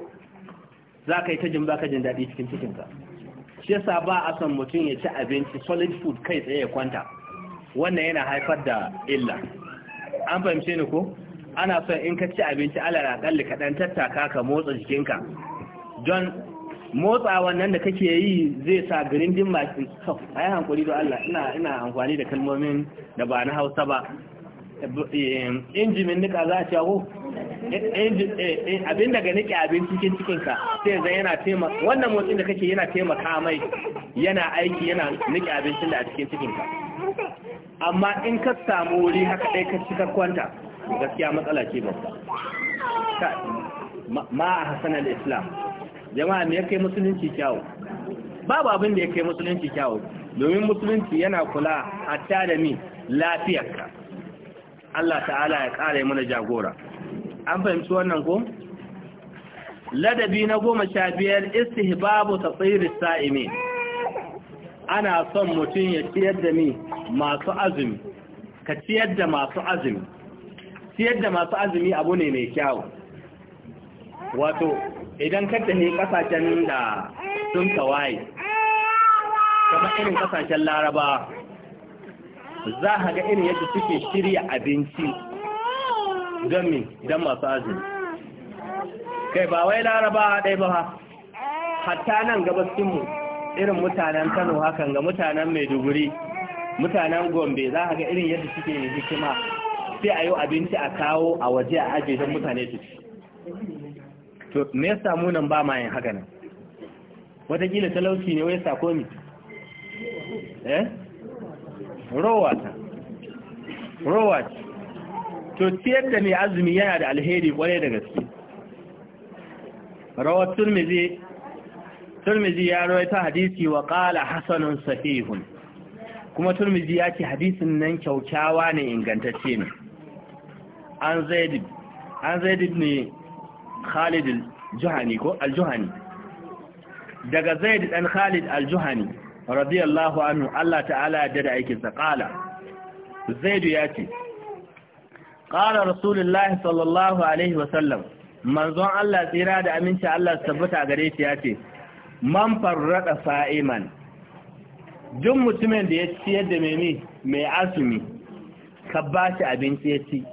za ka yi ta jin baka jin daɗi cikin ka shi yasa ba a son mutum ya ci abinci solid food kai tsaye ya kwanta wannan yana haifar da illa an fahimce ni ko ana son in ka ci abinci alal akalli ka dan tattaka ka motsa jikinka don motsa wannan da kake yi zai sa garin din masu Ai a yi hankuri don Allah ina ina amfani da kalmomin da ba na hausa ba eh, injimin nika za a ko oh, eh, eh, abin daga nike abin cikin cikinka sai zai yana tema wannan motsin da kake yana taimaka mai yana aiki yana nike abincin da a cikin cikinka amma in ka samu wuri haka ɗai ka ci kwanta gaskiya matsala ce ba. ma a hasan al-islam jama'a ne ya kai musulunci kyawu babu abin da ya kai musulunci kyawu domin musulunci yana kula hatta da mi lafiyarka Allah ta'ala ya ƙara mana jagora an fahimci wannan ko ladabi na goma sha biyar istihbabu tsiri sa'imin ana son mutum ya ciyar da ni masu azumi ka ciyar da masu azumi ciyar da masu azumi abu ne mai kyau. wato idan ka tafi kasashen da sun tawaye kamar irin kasashen laraba za a ga irin yadda suke shirya abinci gami don masu azumi kai ba wai laraba ɗaya ba hatta nan gabas mu irin mutanen kano hakan ga mutanen maiduguri mutanen gombe za ka ga irin yadda suke hikima sai a yi abinci a kawo a waje a ajiye don mutane su to me ya samu nan ba ma yin haka nan watakila talauci ne wai sako mi eh rowa ta rowa ce to ciyar da mai azumi yana da alheri kwarai da gaske rawar zai. turmizi ya ta hadisi wa qala hasanun sahihun kuma turmizi ya ce hadisin nan kyaukyawa ne ingantacce ne an zaid an zaid ne Khalid al-Juhani ko al-Juhani daga Zaid dan Khalid al-Juhani radiyallahu anhu Allah ta'ala ya dada aikin sa qala Zaid ya ce qala Rasulullah sallallahu alaihi wa sallam manzon Allah tsira da aminci Allah tabbata gare shi ya ce man farrada sa'iman duk mutumin da ya ciyar da mai mai asumi ka ba shi abinci ya ci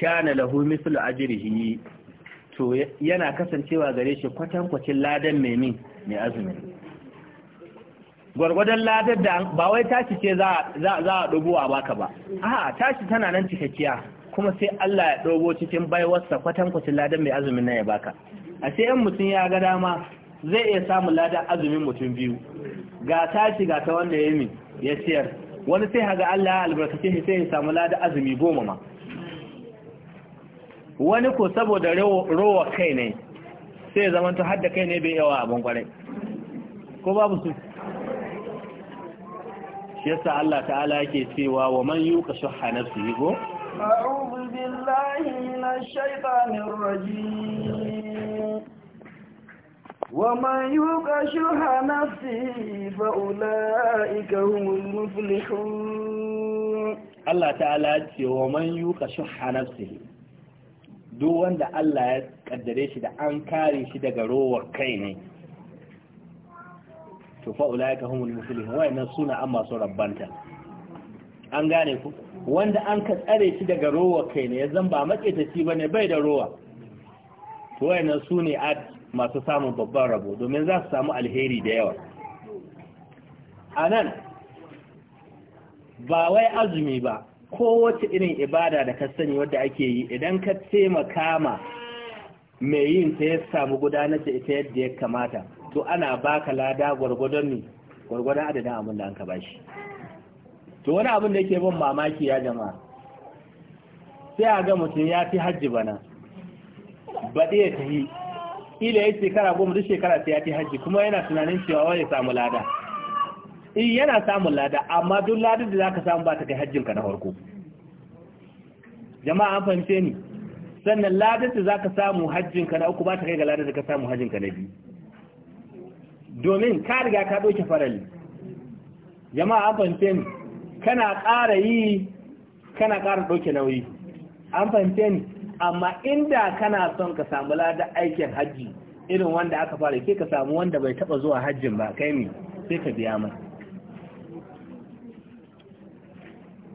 kana lahu mislu ajrihi to yana kasancewa gare shi kwacin ladan mai mai azumi gwargwadon ladar da ba wai tashi ce za a dubo a baka ba a tashi tana nan cikakkiya kuma sai Allah ya dogo cikin baiwarsa kwatankwacin ladan mai azumin na ya baka a sai yan mutum ya ga dama zai iya samun lada azumin mutum biyu ga tashi ga ta wanda ya yi ya ciyar wani sai haga Allah albarkace shi sai ya samu lada azumi goma ma wani ko saboda rowa kai ne sai zama ta hadda kai ne bai yawa abin kwarai ko babu su shi yasa Allah ta'ala yake cewa wa man yuka shuhha nafsihi go a'udhu billahi minash shaitanir rajim ومن يوق شح نفسه فأولئك هم المفلحون الله تعالى ومن يوق شح نفسه duk wanda Allah ya kaddare shi da an kare shi daga rowar kai ne to fa ulaika humul muflihun wayannan suna an masu rabbanta an gane ku wanda an ka tsare shi daga rowar kai ne ya zan ba maƙetaci bane bai da rowa to wayannan sune ad masu samun babban rabo domin za su samu alheri da yawa a nan ba wai azumi ba kowace irin ibada da ka sani wadda ake yi idan ka taimaka ma mai yin ta ya samu gudanar da ita yadda ya kamata to ana baka lada gwargwadon ne gwargwadon adadin abin da an ka bashi to wani abin da yake bin mamaki ya jama'a sai a ga mutum ya fi hajji bana baɗi ya tafi kila ya shekara goma duk shekara sai ya ce hajji kuma yana tunanin cewa wai ya samu lada in eh, yana samun lada amma duk ladar da zaka samu ba ta kai hajjin ka na farko jama'a an fahimce ni sannan ladar da zaka samu hajjin ka na uku ba ta kai ga ladar da ka samu hajjin ka na biyu domin ka riga ka doke farali jama'a an fahimce ni kana ƙara yi kana ƙara doke nauyi an fahimce ni amma inda kana son ka samu ladan aikin hajji irin wanda aka fara ke ka samu wanda bai taba zuwa hajjin ba kai ne sai ka biya mai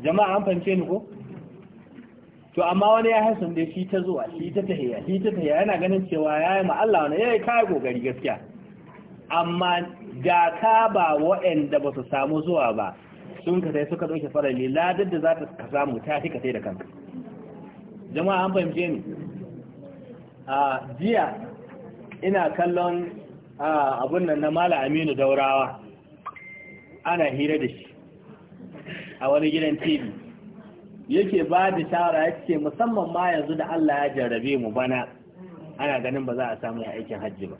jama'a an fance ni ko to amma wani ya hasan dai shi ta zuwa shi ta tahiya shi ta tahiya yana ganin cewa ya yi ma'alla wani yi kai gogari gaskiya amma ga ka ba wa'anda ba su samu zuwa ba sun ka sai suka dauke farali ladar da za ta ka samu ta fi ka sai da kanka jama'a an fahimce ni a jiya ina kallon abun nan na mala aminu daurawa ana hira da shi a wani gidan tv yake ba da shawara ya ce musamman ma yanzu da allah ya jarrabe mu bana ana ganin ba za a samu aikin hajji ba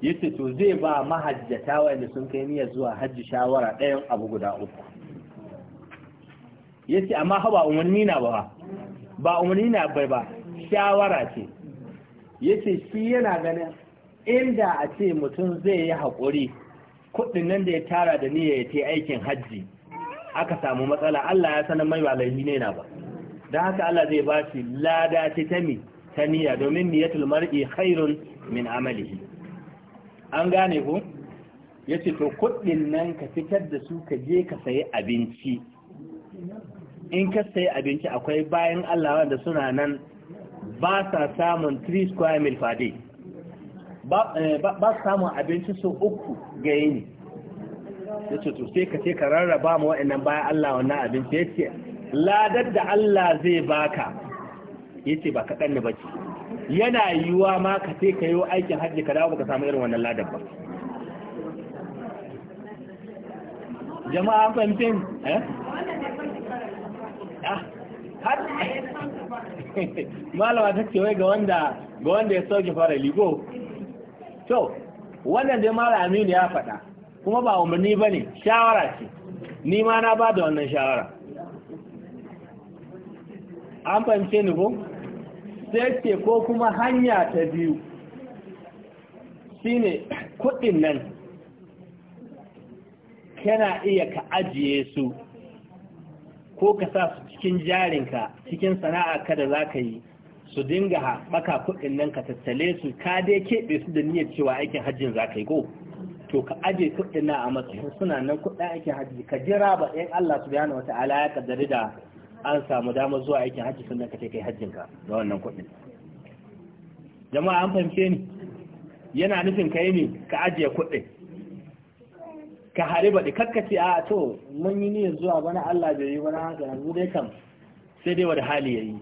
yace to zai ba mahajjata wanda sun kai niyyar zuwa hajji shawara ɗayan abu guda uku yace amma haba umarni na ba ba umarni na bai ba shawara ce yace shi yana ganin inda a ce mutum zai yi haƙuri kuɗin nan da ya tara da niyya ya ta aikin hajji aka samu matsala Allah ya sanar mai walaihi ne na ba don haka Allah zai ba shi lada ce ta mi ta niyya domin niyatul mar'i khairun min amalihi an gane ko yace to kuɗin nan ka fitar da su ka je ka sayi abinci in ka sayi abinci akwai bayan Allah wanda suna nan ba sa samun 3 square mil fadi ba sa eh, samun abinci su uku ga yini ya ce to sai ka ce ka rarraba ma wa'annan bayan Allah wannan abinci ya ce ladar da Allah zai baka ya ce ba kaɗan ne ba ce yana yiwuwa ma ka ce ka yi aikin hajji ka dawo ba ka samu irin wannan ladar ba jama'a fahimtin eh malama ta ce wai ga wanda ya sauke fara ligo to wannan dai mara aminu ya faɗa kuma ba umarni ba ne shawara ce ni ma na ba da wannan shawara an fahimce ni ko sai ce ko kuma hanya ta biyu shine kuɗin nan kana iya ka ajiye su ko ka sa su cikin jarinka cikin sana'a kada da za ka yi su dinga haɓaka kuɗin nan ka tattale su ka dai keɓe su da niyyar cewa aikin hajjin za ka yi ko to ka aje kuɗin na a matsayin suna nan kuɗin aikin hajji ka jira ba ɗayan Allah wata ala ya kaddari da an samu damar zuwa aikin hajji sannan ka kai hajjin ka da wannan kuɗin jama'a an fahimce ni yana nufin kai ne ka ajiye kuɗin ka hari baɗi kakkace a to mun yi niyyar zuwa bana Allah bai yi bana haka yanzu dai kam sai dai wani hali yayi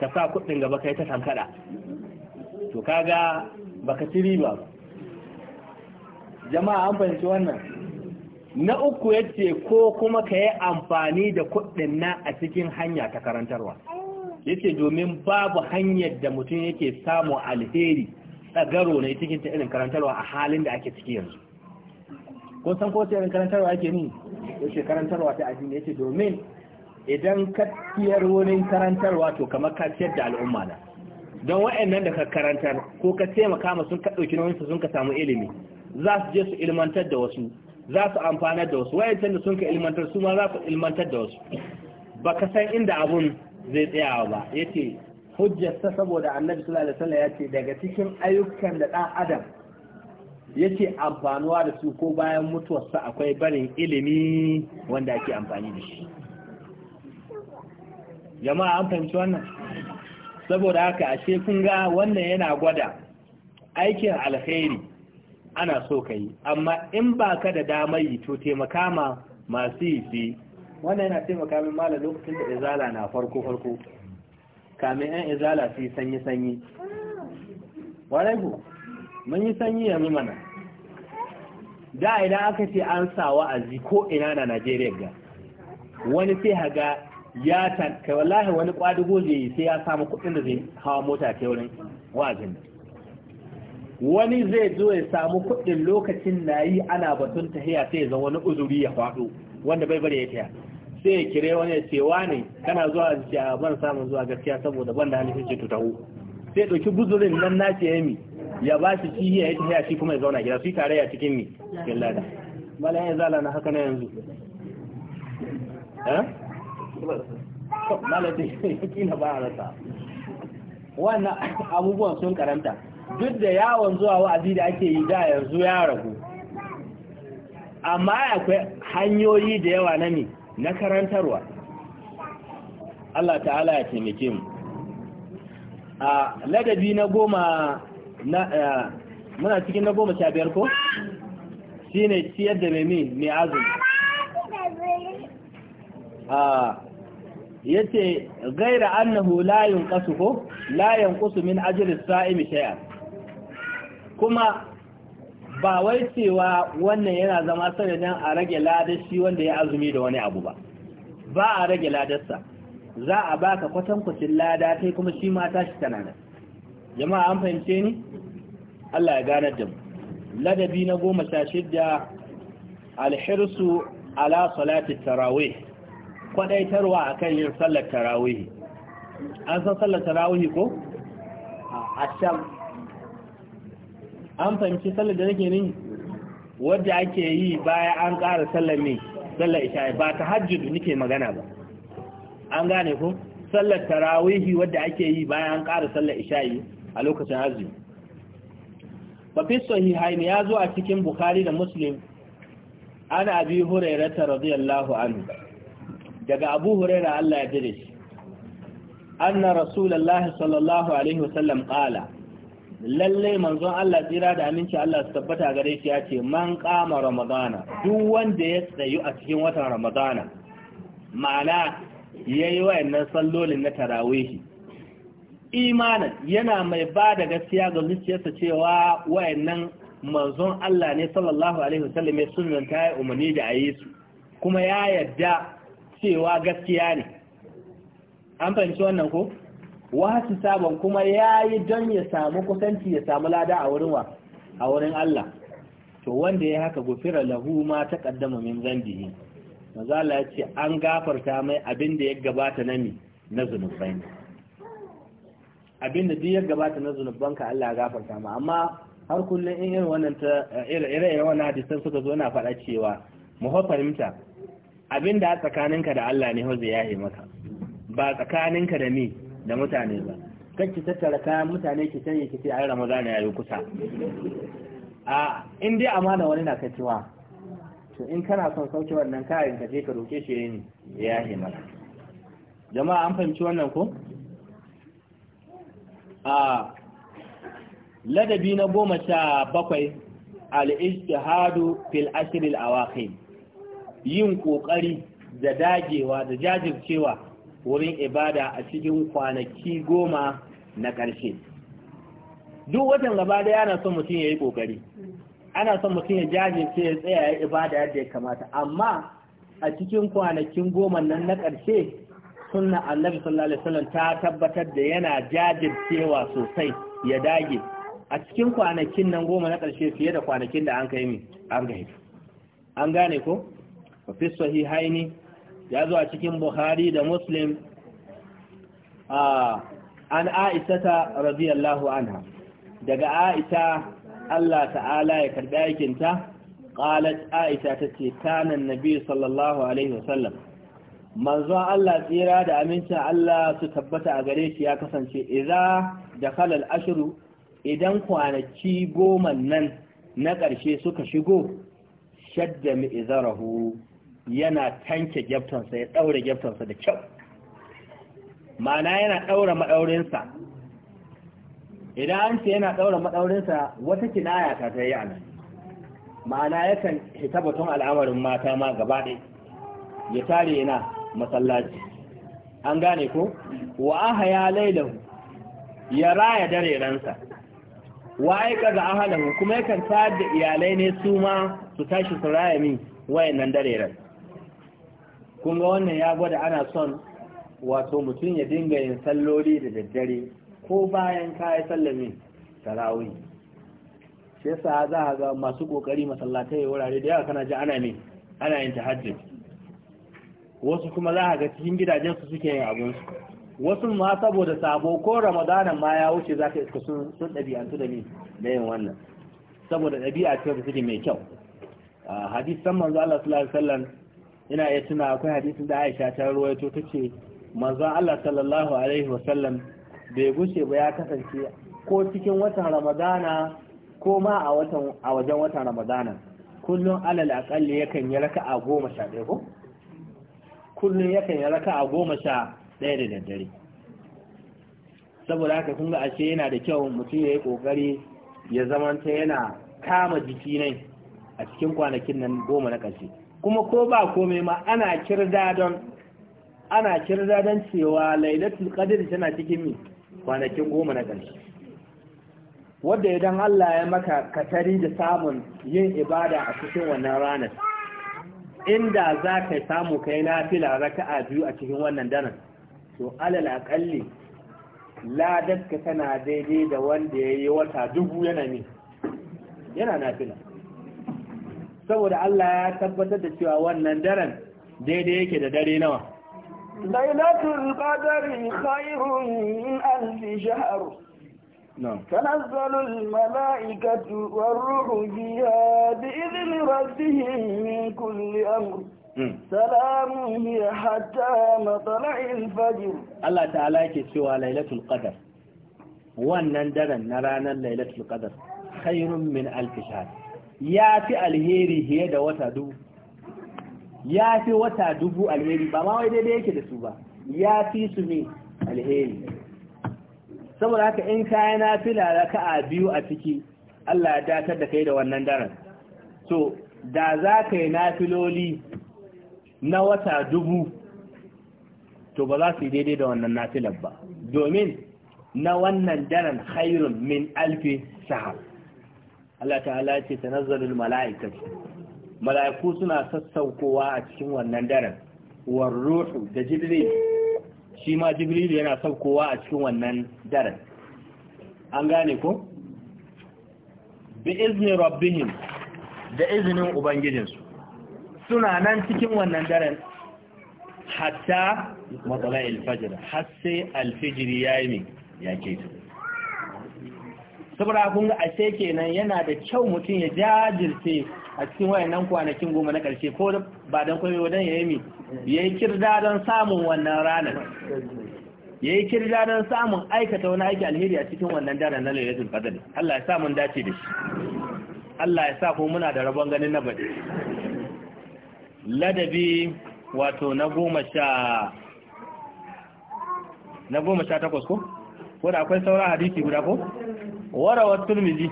ka sa kuɗin gaba kai ta tankada to kaga baka ci riba ba jama'a an fahimci wannan na uku yace ko kuma ka yi amfani da kuɗin na a cikin hanya ta karantarwa yace domin babu hanyar da mutum yake samun alheri tsagaro ne cikin ta irin karantarwa a halin da ake ciki yanzu ko san ko sai karantarwa ake ni yace karantarwa ta addini yace domin idan ka tiyar wurin karantarwa to kamar ka ciyar da al'umma na don wa'annan da ka karantar ko ka taimaka ma sun ka dauki nauyin sun ka samu ilimi za su je su ilmantar da wasu za su amfanar da wasu wa'annan da sun ka ilmantar su ma za su ilmantar da wasu baka san inda abun zai tsayawa ba yace hujjarsa saboda annabi sallallahu alaihi wasallam yace ce daga cikin ayyukan da dan adam yace amfanuwa da su ko bayan mutuwarsa akwai barin ilimi wanda ake amfani da shi jama'a an fahimci wannan saboda haka a kun ga wannan yana gwada aikin alkhairi ana so ka yi amma in ba ka da damar yi to taimaka ma masu yi fi wannan yana taimaka min mala lokacin da izala na farko farko kamin yan izala su yi sanyi sanyi warai mun yi sanyi yanzu mana da idan aka ce an sa wa'azi ko ina na Najeriya ga wani sai haga ya ta kai wallahi wani kwadugo je yi sai ya samu kuɗin da zai hawa mota ta wurin wa'azin wani zai zo ya samu kuɗin lokacin na yi ana batun tahiya sai ya zama wani uzuri ya faɗo wanda bai bari ya taya sai ya kire wani ya ce wani kana zuwa ban samun zuwa gaskiya saboda ban da halin ce tutahu sai ɗauki buzurin nan na ce yami ya ba shi shi ya yi ta shi kuma ya zauna gida su yi tarayya cikin cikin lada bala ya zala na haka na yanzu eh? bala ta kila ba rasa wannan abubuwan sun karanta duk da yawon zuwa wa'azi da ake yi da yanzu ya ragu amma akwai hanyoyi da yawa na mi na karantarwa Allah ta'ala ya taimake mu a ladabi na goma Eh, muna cikin na goma sha biyar ko Shi ne ciyar da mai mai azumi a ce, gaira annahu layin kasu ko Layin kusu min ajiyar sa'imi shay'a kuma ba wai cewa wannan yana zama sanadin a rage ladar shi wanda ya azumi da wani abu ba ba a rage ladarsa za a baka kwatankwacin lada kai kuma shi mata shi tana jama'a an fahimce ni Allah ya gane da mu ladabi na goma sha shidda alhirsu ala salati tarawih kwadaitarwa akan yin sallar tarawih an san sallar tarawih ko a sham an fahimci sallar da nake ni wadda ake yi bayan an ƙara sallar ne sallar isha ba ta hajjudu nake magana ba an gane ko sallar tarawih wadda ake yi bayan an ƙara sallar isha'i a lokacin azumi fafi ya zo a cikin bukhari da muslim ana abi ta radiyallahu anhu daga abu huraira Allah ya jire shi anna rasulullahi sallallahu alaihi wasallam qala lalle manzon Allah tsira da aminci Allah su tabbata gare shi ya ce man qama ramadana duk wanda ya tsayu a cikin watan ramadana ma'ana yayi waannan sallolin na tarawihi imanin yana mai ba da gaskiya ga zuciyarsa cewa wayannan manzon Allah ne sallallahu alaihi wasallam ya sunanta ya umarni da ayi su kuma ya yadda cewa gaskiya ne an fahimci wannan ko wasu sabon kuma ya yi don ya samu kusanci ya samu lada a wurin wa a wurin Allah to wanda ya haka gufira lahu ma ta kaddama min zambihi maza Allah ya ce an gafarta mai abin da ya gabata na mi na zunubai abin da duk ya gabata na zunubanka Allah ya gafarta ma amma har kullum in irin wannan ta ire wannan hadisan suka zo na faɗa cewa mu fa fahimta abin da tsakaninka da Allah ne hoze ya yi maka ba tsakaninka da ni da mutane ba kan ki tattara kayan mutane ki sanya ki ce ai Ramadan ya yi kusa a in dai amana wani na kacewa to in kana son sauke wannan kayan ka je ka roke shi ne ya yi maka jama'a an fahimci wannan ko a ladabi na goma sha bakwai al'ishtihadu fil ashirin awakai yin ƙoƙari da dagewa da jajircewa wurin ibada a cikin kwanaki goma na ƙarshe duk watan gaba da ana son mutum ya yi ƙoƙari ana son mutum ya jajirce ya tsaya ya ibada yadda ya kamata amma a cikin kwanakin goma nan na ƙarshe sunna annabi sallallahu alaihi wasallam ta tabbatar da yana jajircewa sosai ya dage a cikin kwanakin nan goma na ƙarshe fiye da kwanakin da an kai mi an ga an gane ko fi sahihaini ya zo a cikin bukhari da muslim an aisata radiyallahu anha daga aisha Allah ta'ala ya karɓi aikinta qalat aisha tace kana annabi sallallahu alaihi wasallam manzon Allah tsira da amincin Allah su tabbata a gare shi ya kasance idza da al-ashru idan kwanaki goma nan na ƙarshe suka shigo shadda mi izarahu yana tanke gyaftonsa ya ɗaure gyaftonsa da kyau mana yana ɗaura maɗaurinsa idan an ce yana ɗaura maɗaurinsa wata kinaya ta ta yi anan ma'ana yakan hita batun al'amarin mata ma gaba ɗaya ya tare yana masallaci an gane ko wa ahya lailahu ya raya dare ransa wa aika ga ahalahu kuma yakan tayar da iyalai ne su ma su tashi su raya min wayannan dare ran kun ga wannan ya gwada ana son wato mutum ya dinga yin salloli da daddare ko bayan kayi sallamin tarawih shi sa za ga masu kokari masallatai wurare da yawa kana ji ana ne ana yin tahajjud wasu kuma za a ga cikin gidajensu suke yin abinsu wasu ma saboda sabo ko Ramadana ma ya wuce za ka iska sun ɗabi'antu da ni da yin wannan saboda ɗabi'a ce da suke mai kyau san manzo Allah sallallahu alaihi wasallam ina iya tuna akwai hadisin da Aisha ta ruwaito tace manzo Allah sallallahu alaihi wasallam bai gushe ba ya kasance ko cikin watan Ramadana ko ma a watan a wajen watan Ramadana kullum alal aqalli yakan yi raka'a goma sha ko kullum yakan yi raka a goma sha ɗaya da daddare saboda haka kun ga ashe yana da kyau mutum ya yi ƙoƙari ya zamanta yana kama jiki nai a cikin kwanakin nan goma na ƙarshe kuma ko ba komai ma ana kirda don ana kirda don cewa lailatul qadr tana cikin mi kwanakin goma na ƙarshe wadda idan Allah ya maka katari da samun yin ibada a cikin wannan ranar inda za ka samu kai nafila a biyu a cikin wannan daren to alal akalli ladarka tana daidai da wanda ya yi wata dubu yana ne yana nafila saboda Allah ya tabbatar da cewa wannan daren daidai yake da dare nawa lailatul qadri khairun min alf shahr تنزل الملائكة والروح فيها بإذن ربهم من كل أمر سلام هي حتى مطلع الفجر الله تعالى yake cewa lailatul qadar wannan daren na ranar lailatul qadar khairun min alf shahr yafi alheri fiye da wata dubu yafi wata dubu alheri ba ma wai daidai yake dasu ba. Ya fi su ne alheri saboda haka in kayi nafila raka'a biyu a ciki Allah ya datar da kai da wannan daren to da za ka yi nafiloli na wata dubu to ba za su yi daidai da wannan nafilar ba domin na wannan daren khairun min alfi sahar Allah ta'ala ce ta nazarin mala'ikatu mala'iku suna sassaukowa a cikin wannan daren warruhu da jibril shi ma jibril yana kowa a cikin wannan daren an gane ko bi izni rabbihim da izinin ubangijinsu suna nan cikin wannan daren hatta matsala fajr har sai ya yi ne ya ke saboda kun ga ashe kenan yana da kyau mutum ya jajirce a cikin wayannan kwanakin goma na karshe ko ba dan komai wadan yi mi yayi kirda don samun wannan ranar yayi kirda don samun aikata wani aiki alheri a cikin wannan daren na lailatul qadr Allah ya sa mun dace da shi Allah ya sa ko muna da rabon ganin na bade ladabi wato na goma sha na goma sha takwas ko da akwai sauran hadisi guda ko warawar turmizi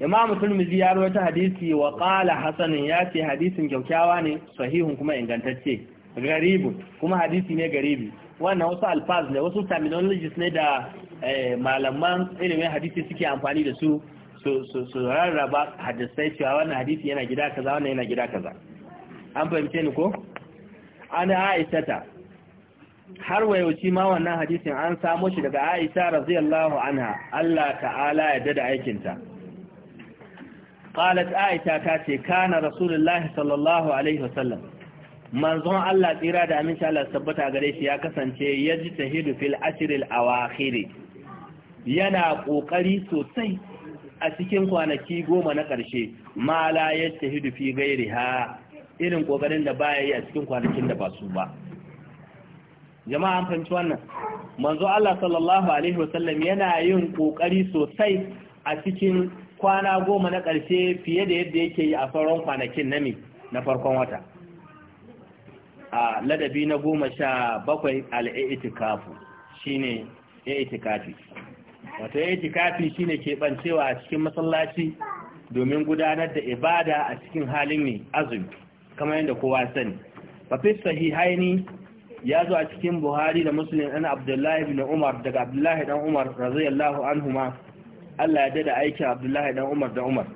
imamu turmizi ya rawaita hadisi wa qala hasanin ya ce hadisin kyaukyawa ne sahihun kuma ingantacce garibu kuma hadisi ne garibi wannan wasu alfaz ne wasu terminologies ne da eh, malaman ilimin hadisi suke amfani da su su rarraba hadisai cewa wannan hadisi yana gida kaza wannan yana gida kaza an fahimce ni ko an aisha ta har wayauci ma wannan hadisin an samo shi daga Aisha radiyallahu anha Allah ta'ala ya dada ta qalat Aisha ta ce kana rasulullahi sallallahu alaihi wasallam manzon Allah tsira da sha Allah tabbata gare shi ya kasance yaji tahidu fil ashril awakhir yana kokari sosai a cikin kwanaki goma na ƙarshe ma la yajtahidu fi ghairiha irin kokarin da baya yi a cikin kwanakin da ba su ba jama'a an fahimci wannan manzo Allah sallallahu alaihi wasallam yana yin kokari sosai a cikin kwana goma na ƙarshe fiye da yadda yake yi a sauran kwanakin nami na farkon wata a ladabi na goma sha bakwai shi ne shine itikafi wato ne shine keɓancewa a cikin masallaci domin gudanar da ibada a cikin halin ne azumi kamar yadda kowa sani fa fi sahihaini ya zo a cikin buhari da muslim ɗan abdullahi bin umar daga abdullahi dan umar raziyallahu anhuma allah ya dada aiki abdullahi dan umar da umar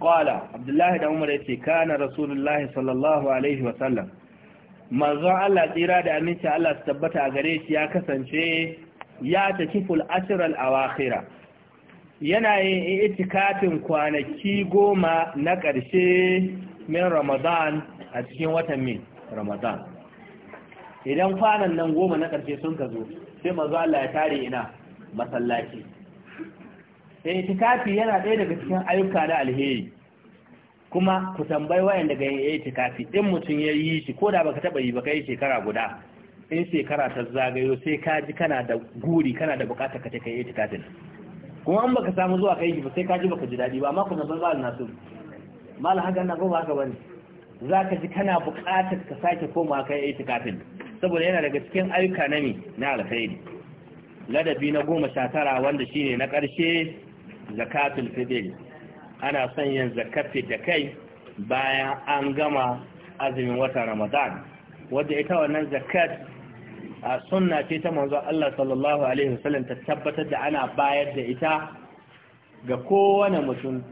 qala abdullahi dan umar yace kana rasulullahi sallallahu alaihi wa sallam manzon allah tsira da aminci allah su tabbata a gare shi ya kasance ya takiful ashral awakhira yana yin itikafin kwanaki goma na ƙarshe min ramadan a cikin watan min ramadan idan kwanan nan goma na ƙarshe sun ka zo sai mazu Allah ya tare ina masallaci eh, itikafi yana ɗaya daga cikin ayyuka na alheri kuma ku tambayi wayan daga yin itikafi in mutum ya yi shi ko da baka taɓa yi baka yi shekara guda in shekara ta zagayo sai ka ji kana da guri kana da bukatar ka kai itikafin kuma an baka samu zuwa kai ba sai ka ji baka ji daɗi ba amma ku na san ba na su mal haka na ko ba haka bane za ka ji kana buƙatar ka sake koma kai itikafin saboda yana daga cikin ayyuka na ne na alkhairi ladabi na goma sha tara wanda ne na ƙarshe zakatul fidel ana son yin zakafi da kai bayan an gama azumin wata ramadan wadda ita wannan zakat a sunna ce ta manzo Allah sallallahu alaihi wasallam ta tabbatar da ana bayar da ita ga kowane mutum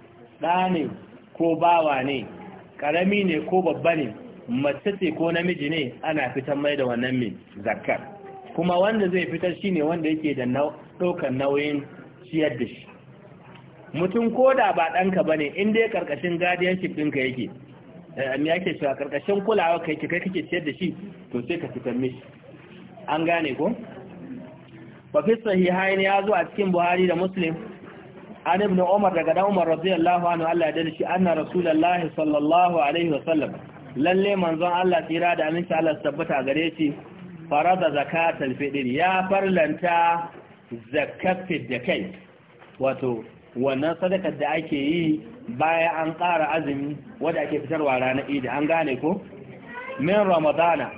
ɗa ne ko bawa ne karami ne ko babba ne mace ce ko namiji ne ana fitan mai da wannan mai zakar kuma wanda zai fitar shine wanda yake da ɗaukar nauyin ciyar da shi mutum ko da ba ɗanka ba ne inda ya karkashin guardianship ɗinka yake eh, me yake cewa ƙarƙashin kulawa kai kai kake ciyar da shi to sai ka fitar mishi an gane ko ba fi ya zo a cikin buhari da muslim an ibni Umar daga dan Umar radiyallahu anhu Allah ya dade shi anna rasulullahi sallallahu alaihi wasallam lalle manzon Allah tsira da aminci Allah tabbata gare shi farada zakatul fitr ya farlanta zakat da kai wato wannan sadakar da ake yi bayan an ƙara azumi wanda ake fitarwa ranar Eid an gane ko min ramadana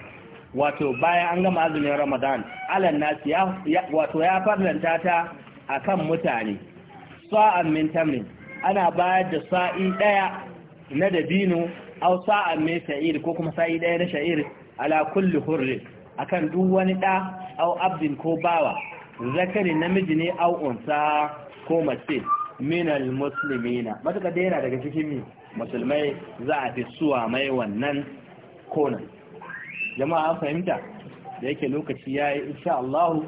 wato bayan an gama azumin ramadan alan nas ya wato ya farlanta ta akan mutane sa'an min tamrin ana bayar da sa'i ɗaya na dabino au sa'an min sha'ir ko kuma sa'i ɗaya na sha'ir ala kulli hurri akan duk wani ɗa au abdin ko bawa zakari namiji ne au unsa ko mace minal musulmina matuƙa da yana daga cikin musulmai za a fi suwa mai wannan konan jama'a fahimta da yake lokaci ya yi insha Allah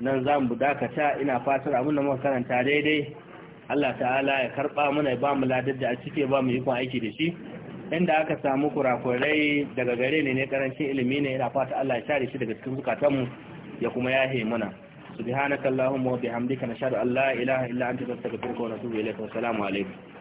nan za mu dakata ina fatar abin da muka karanta daidai Allah ta'ala ya karba mana ba mu ladar da a cike ba mu ikon aiki da shi inda aka samu kurakurai daga gare ne ne karancin ilimi ne ina fata Allah ya share shi daga cikin mu ya kuma yahe mana subhanakallahumma wa bihamdika nashhadu an la ilaha illa anta astaghfiruka wa atubu ilayk wa assalamu alaikum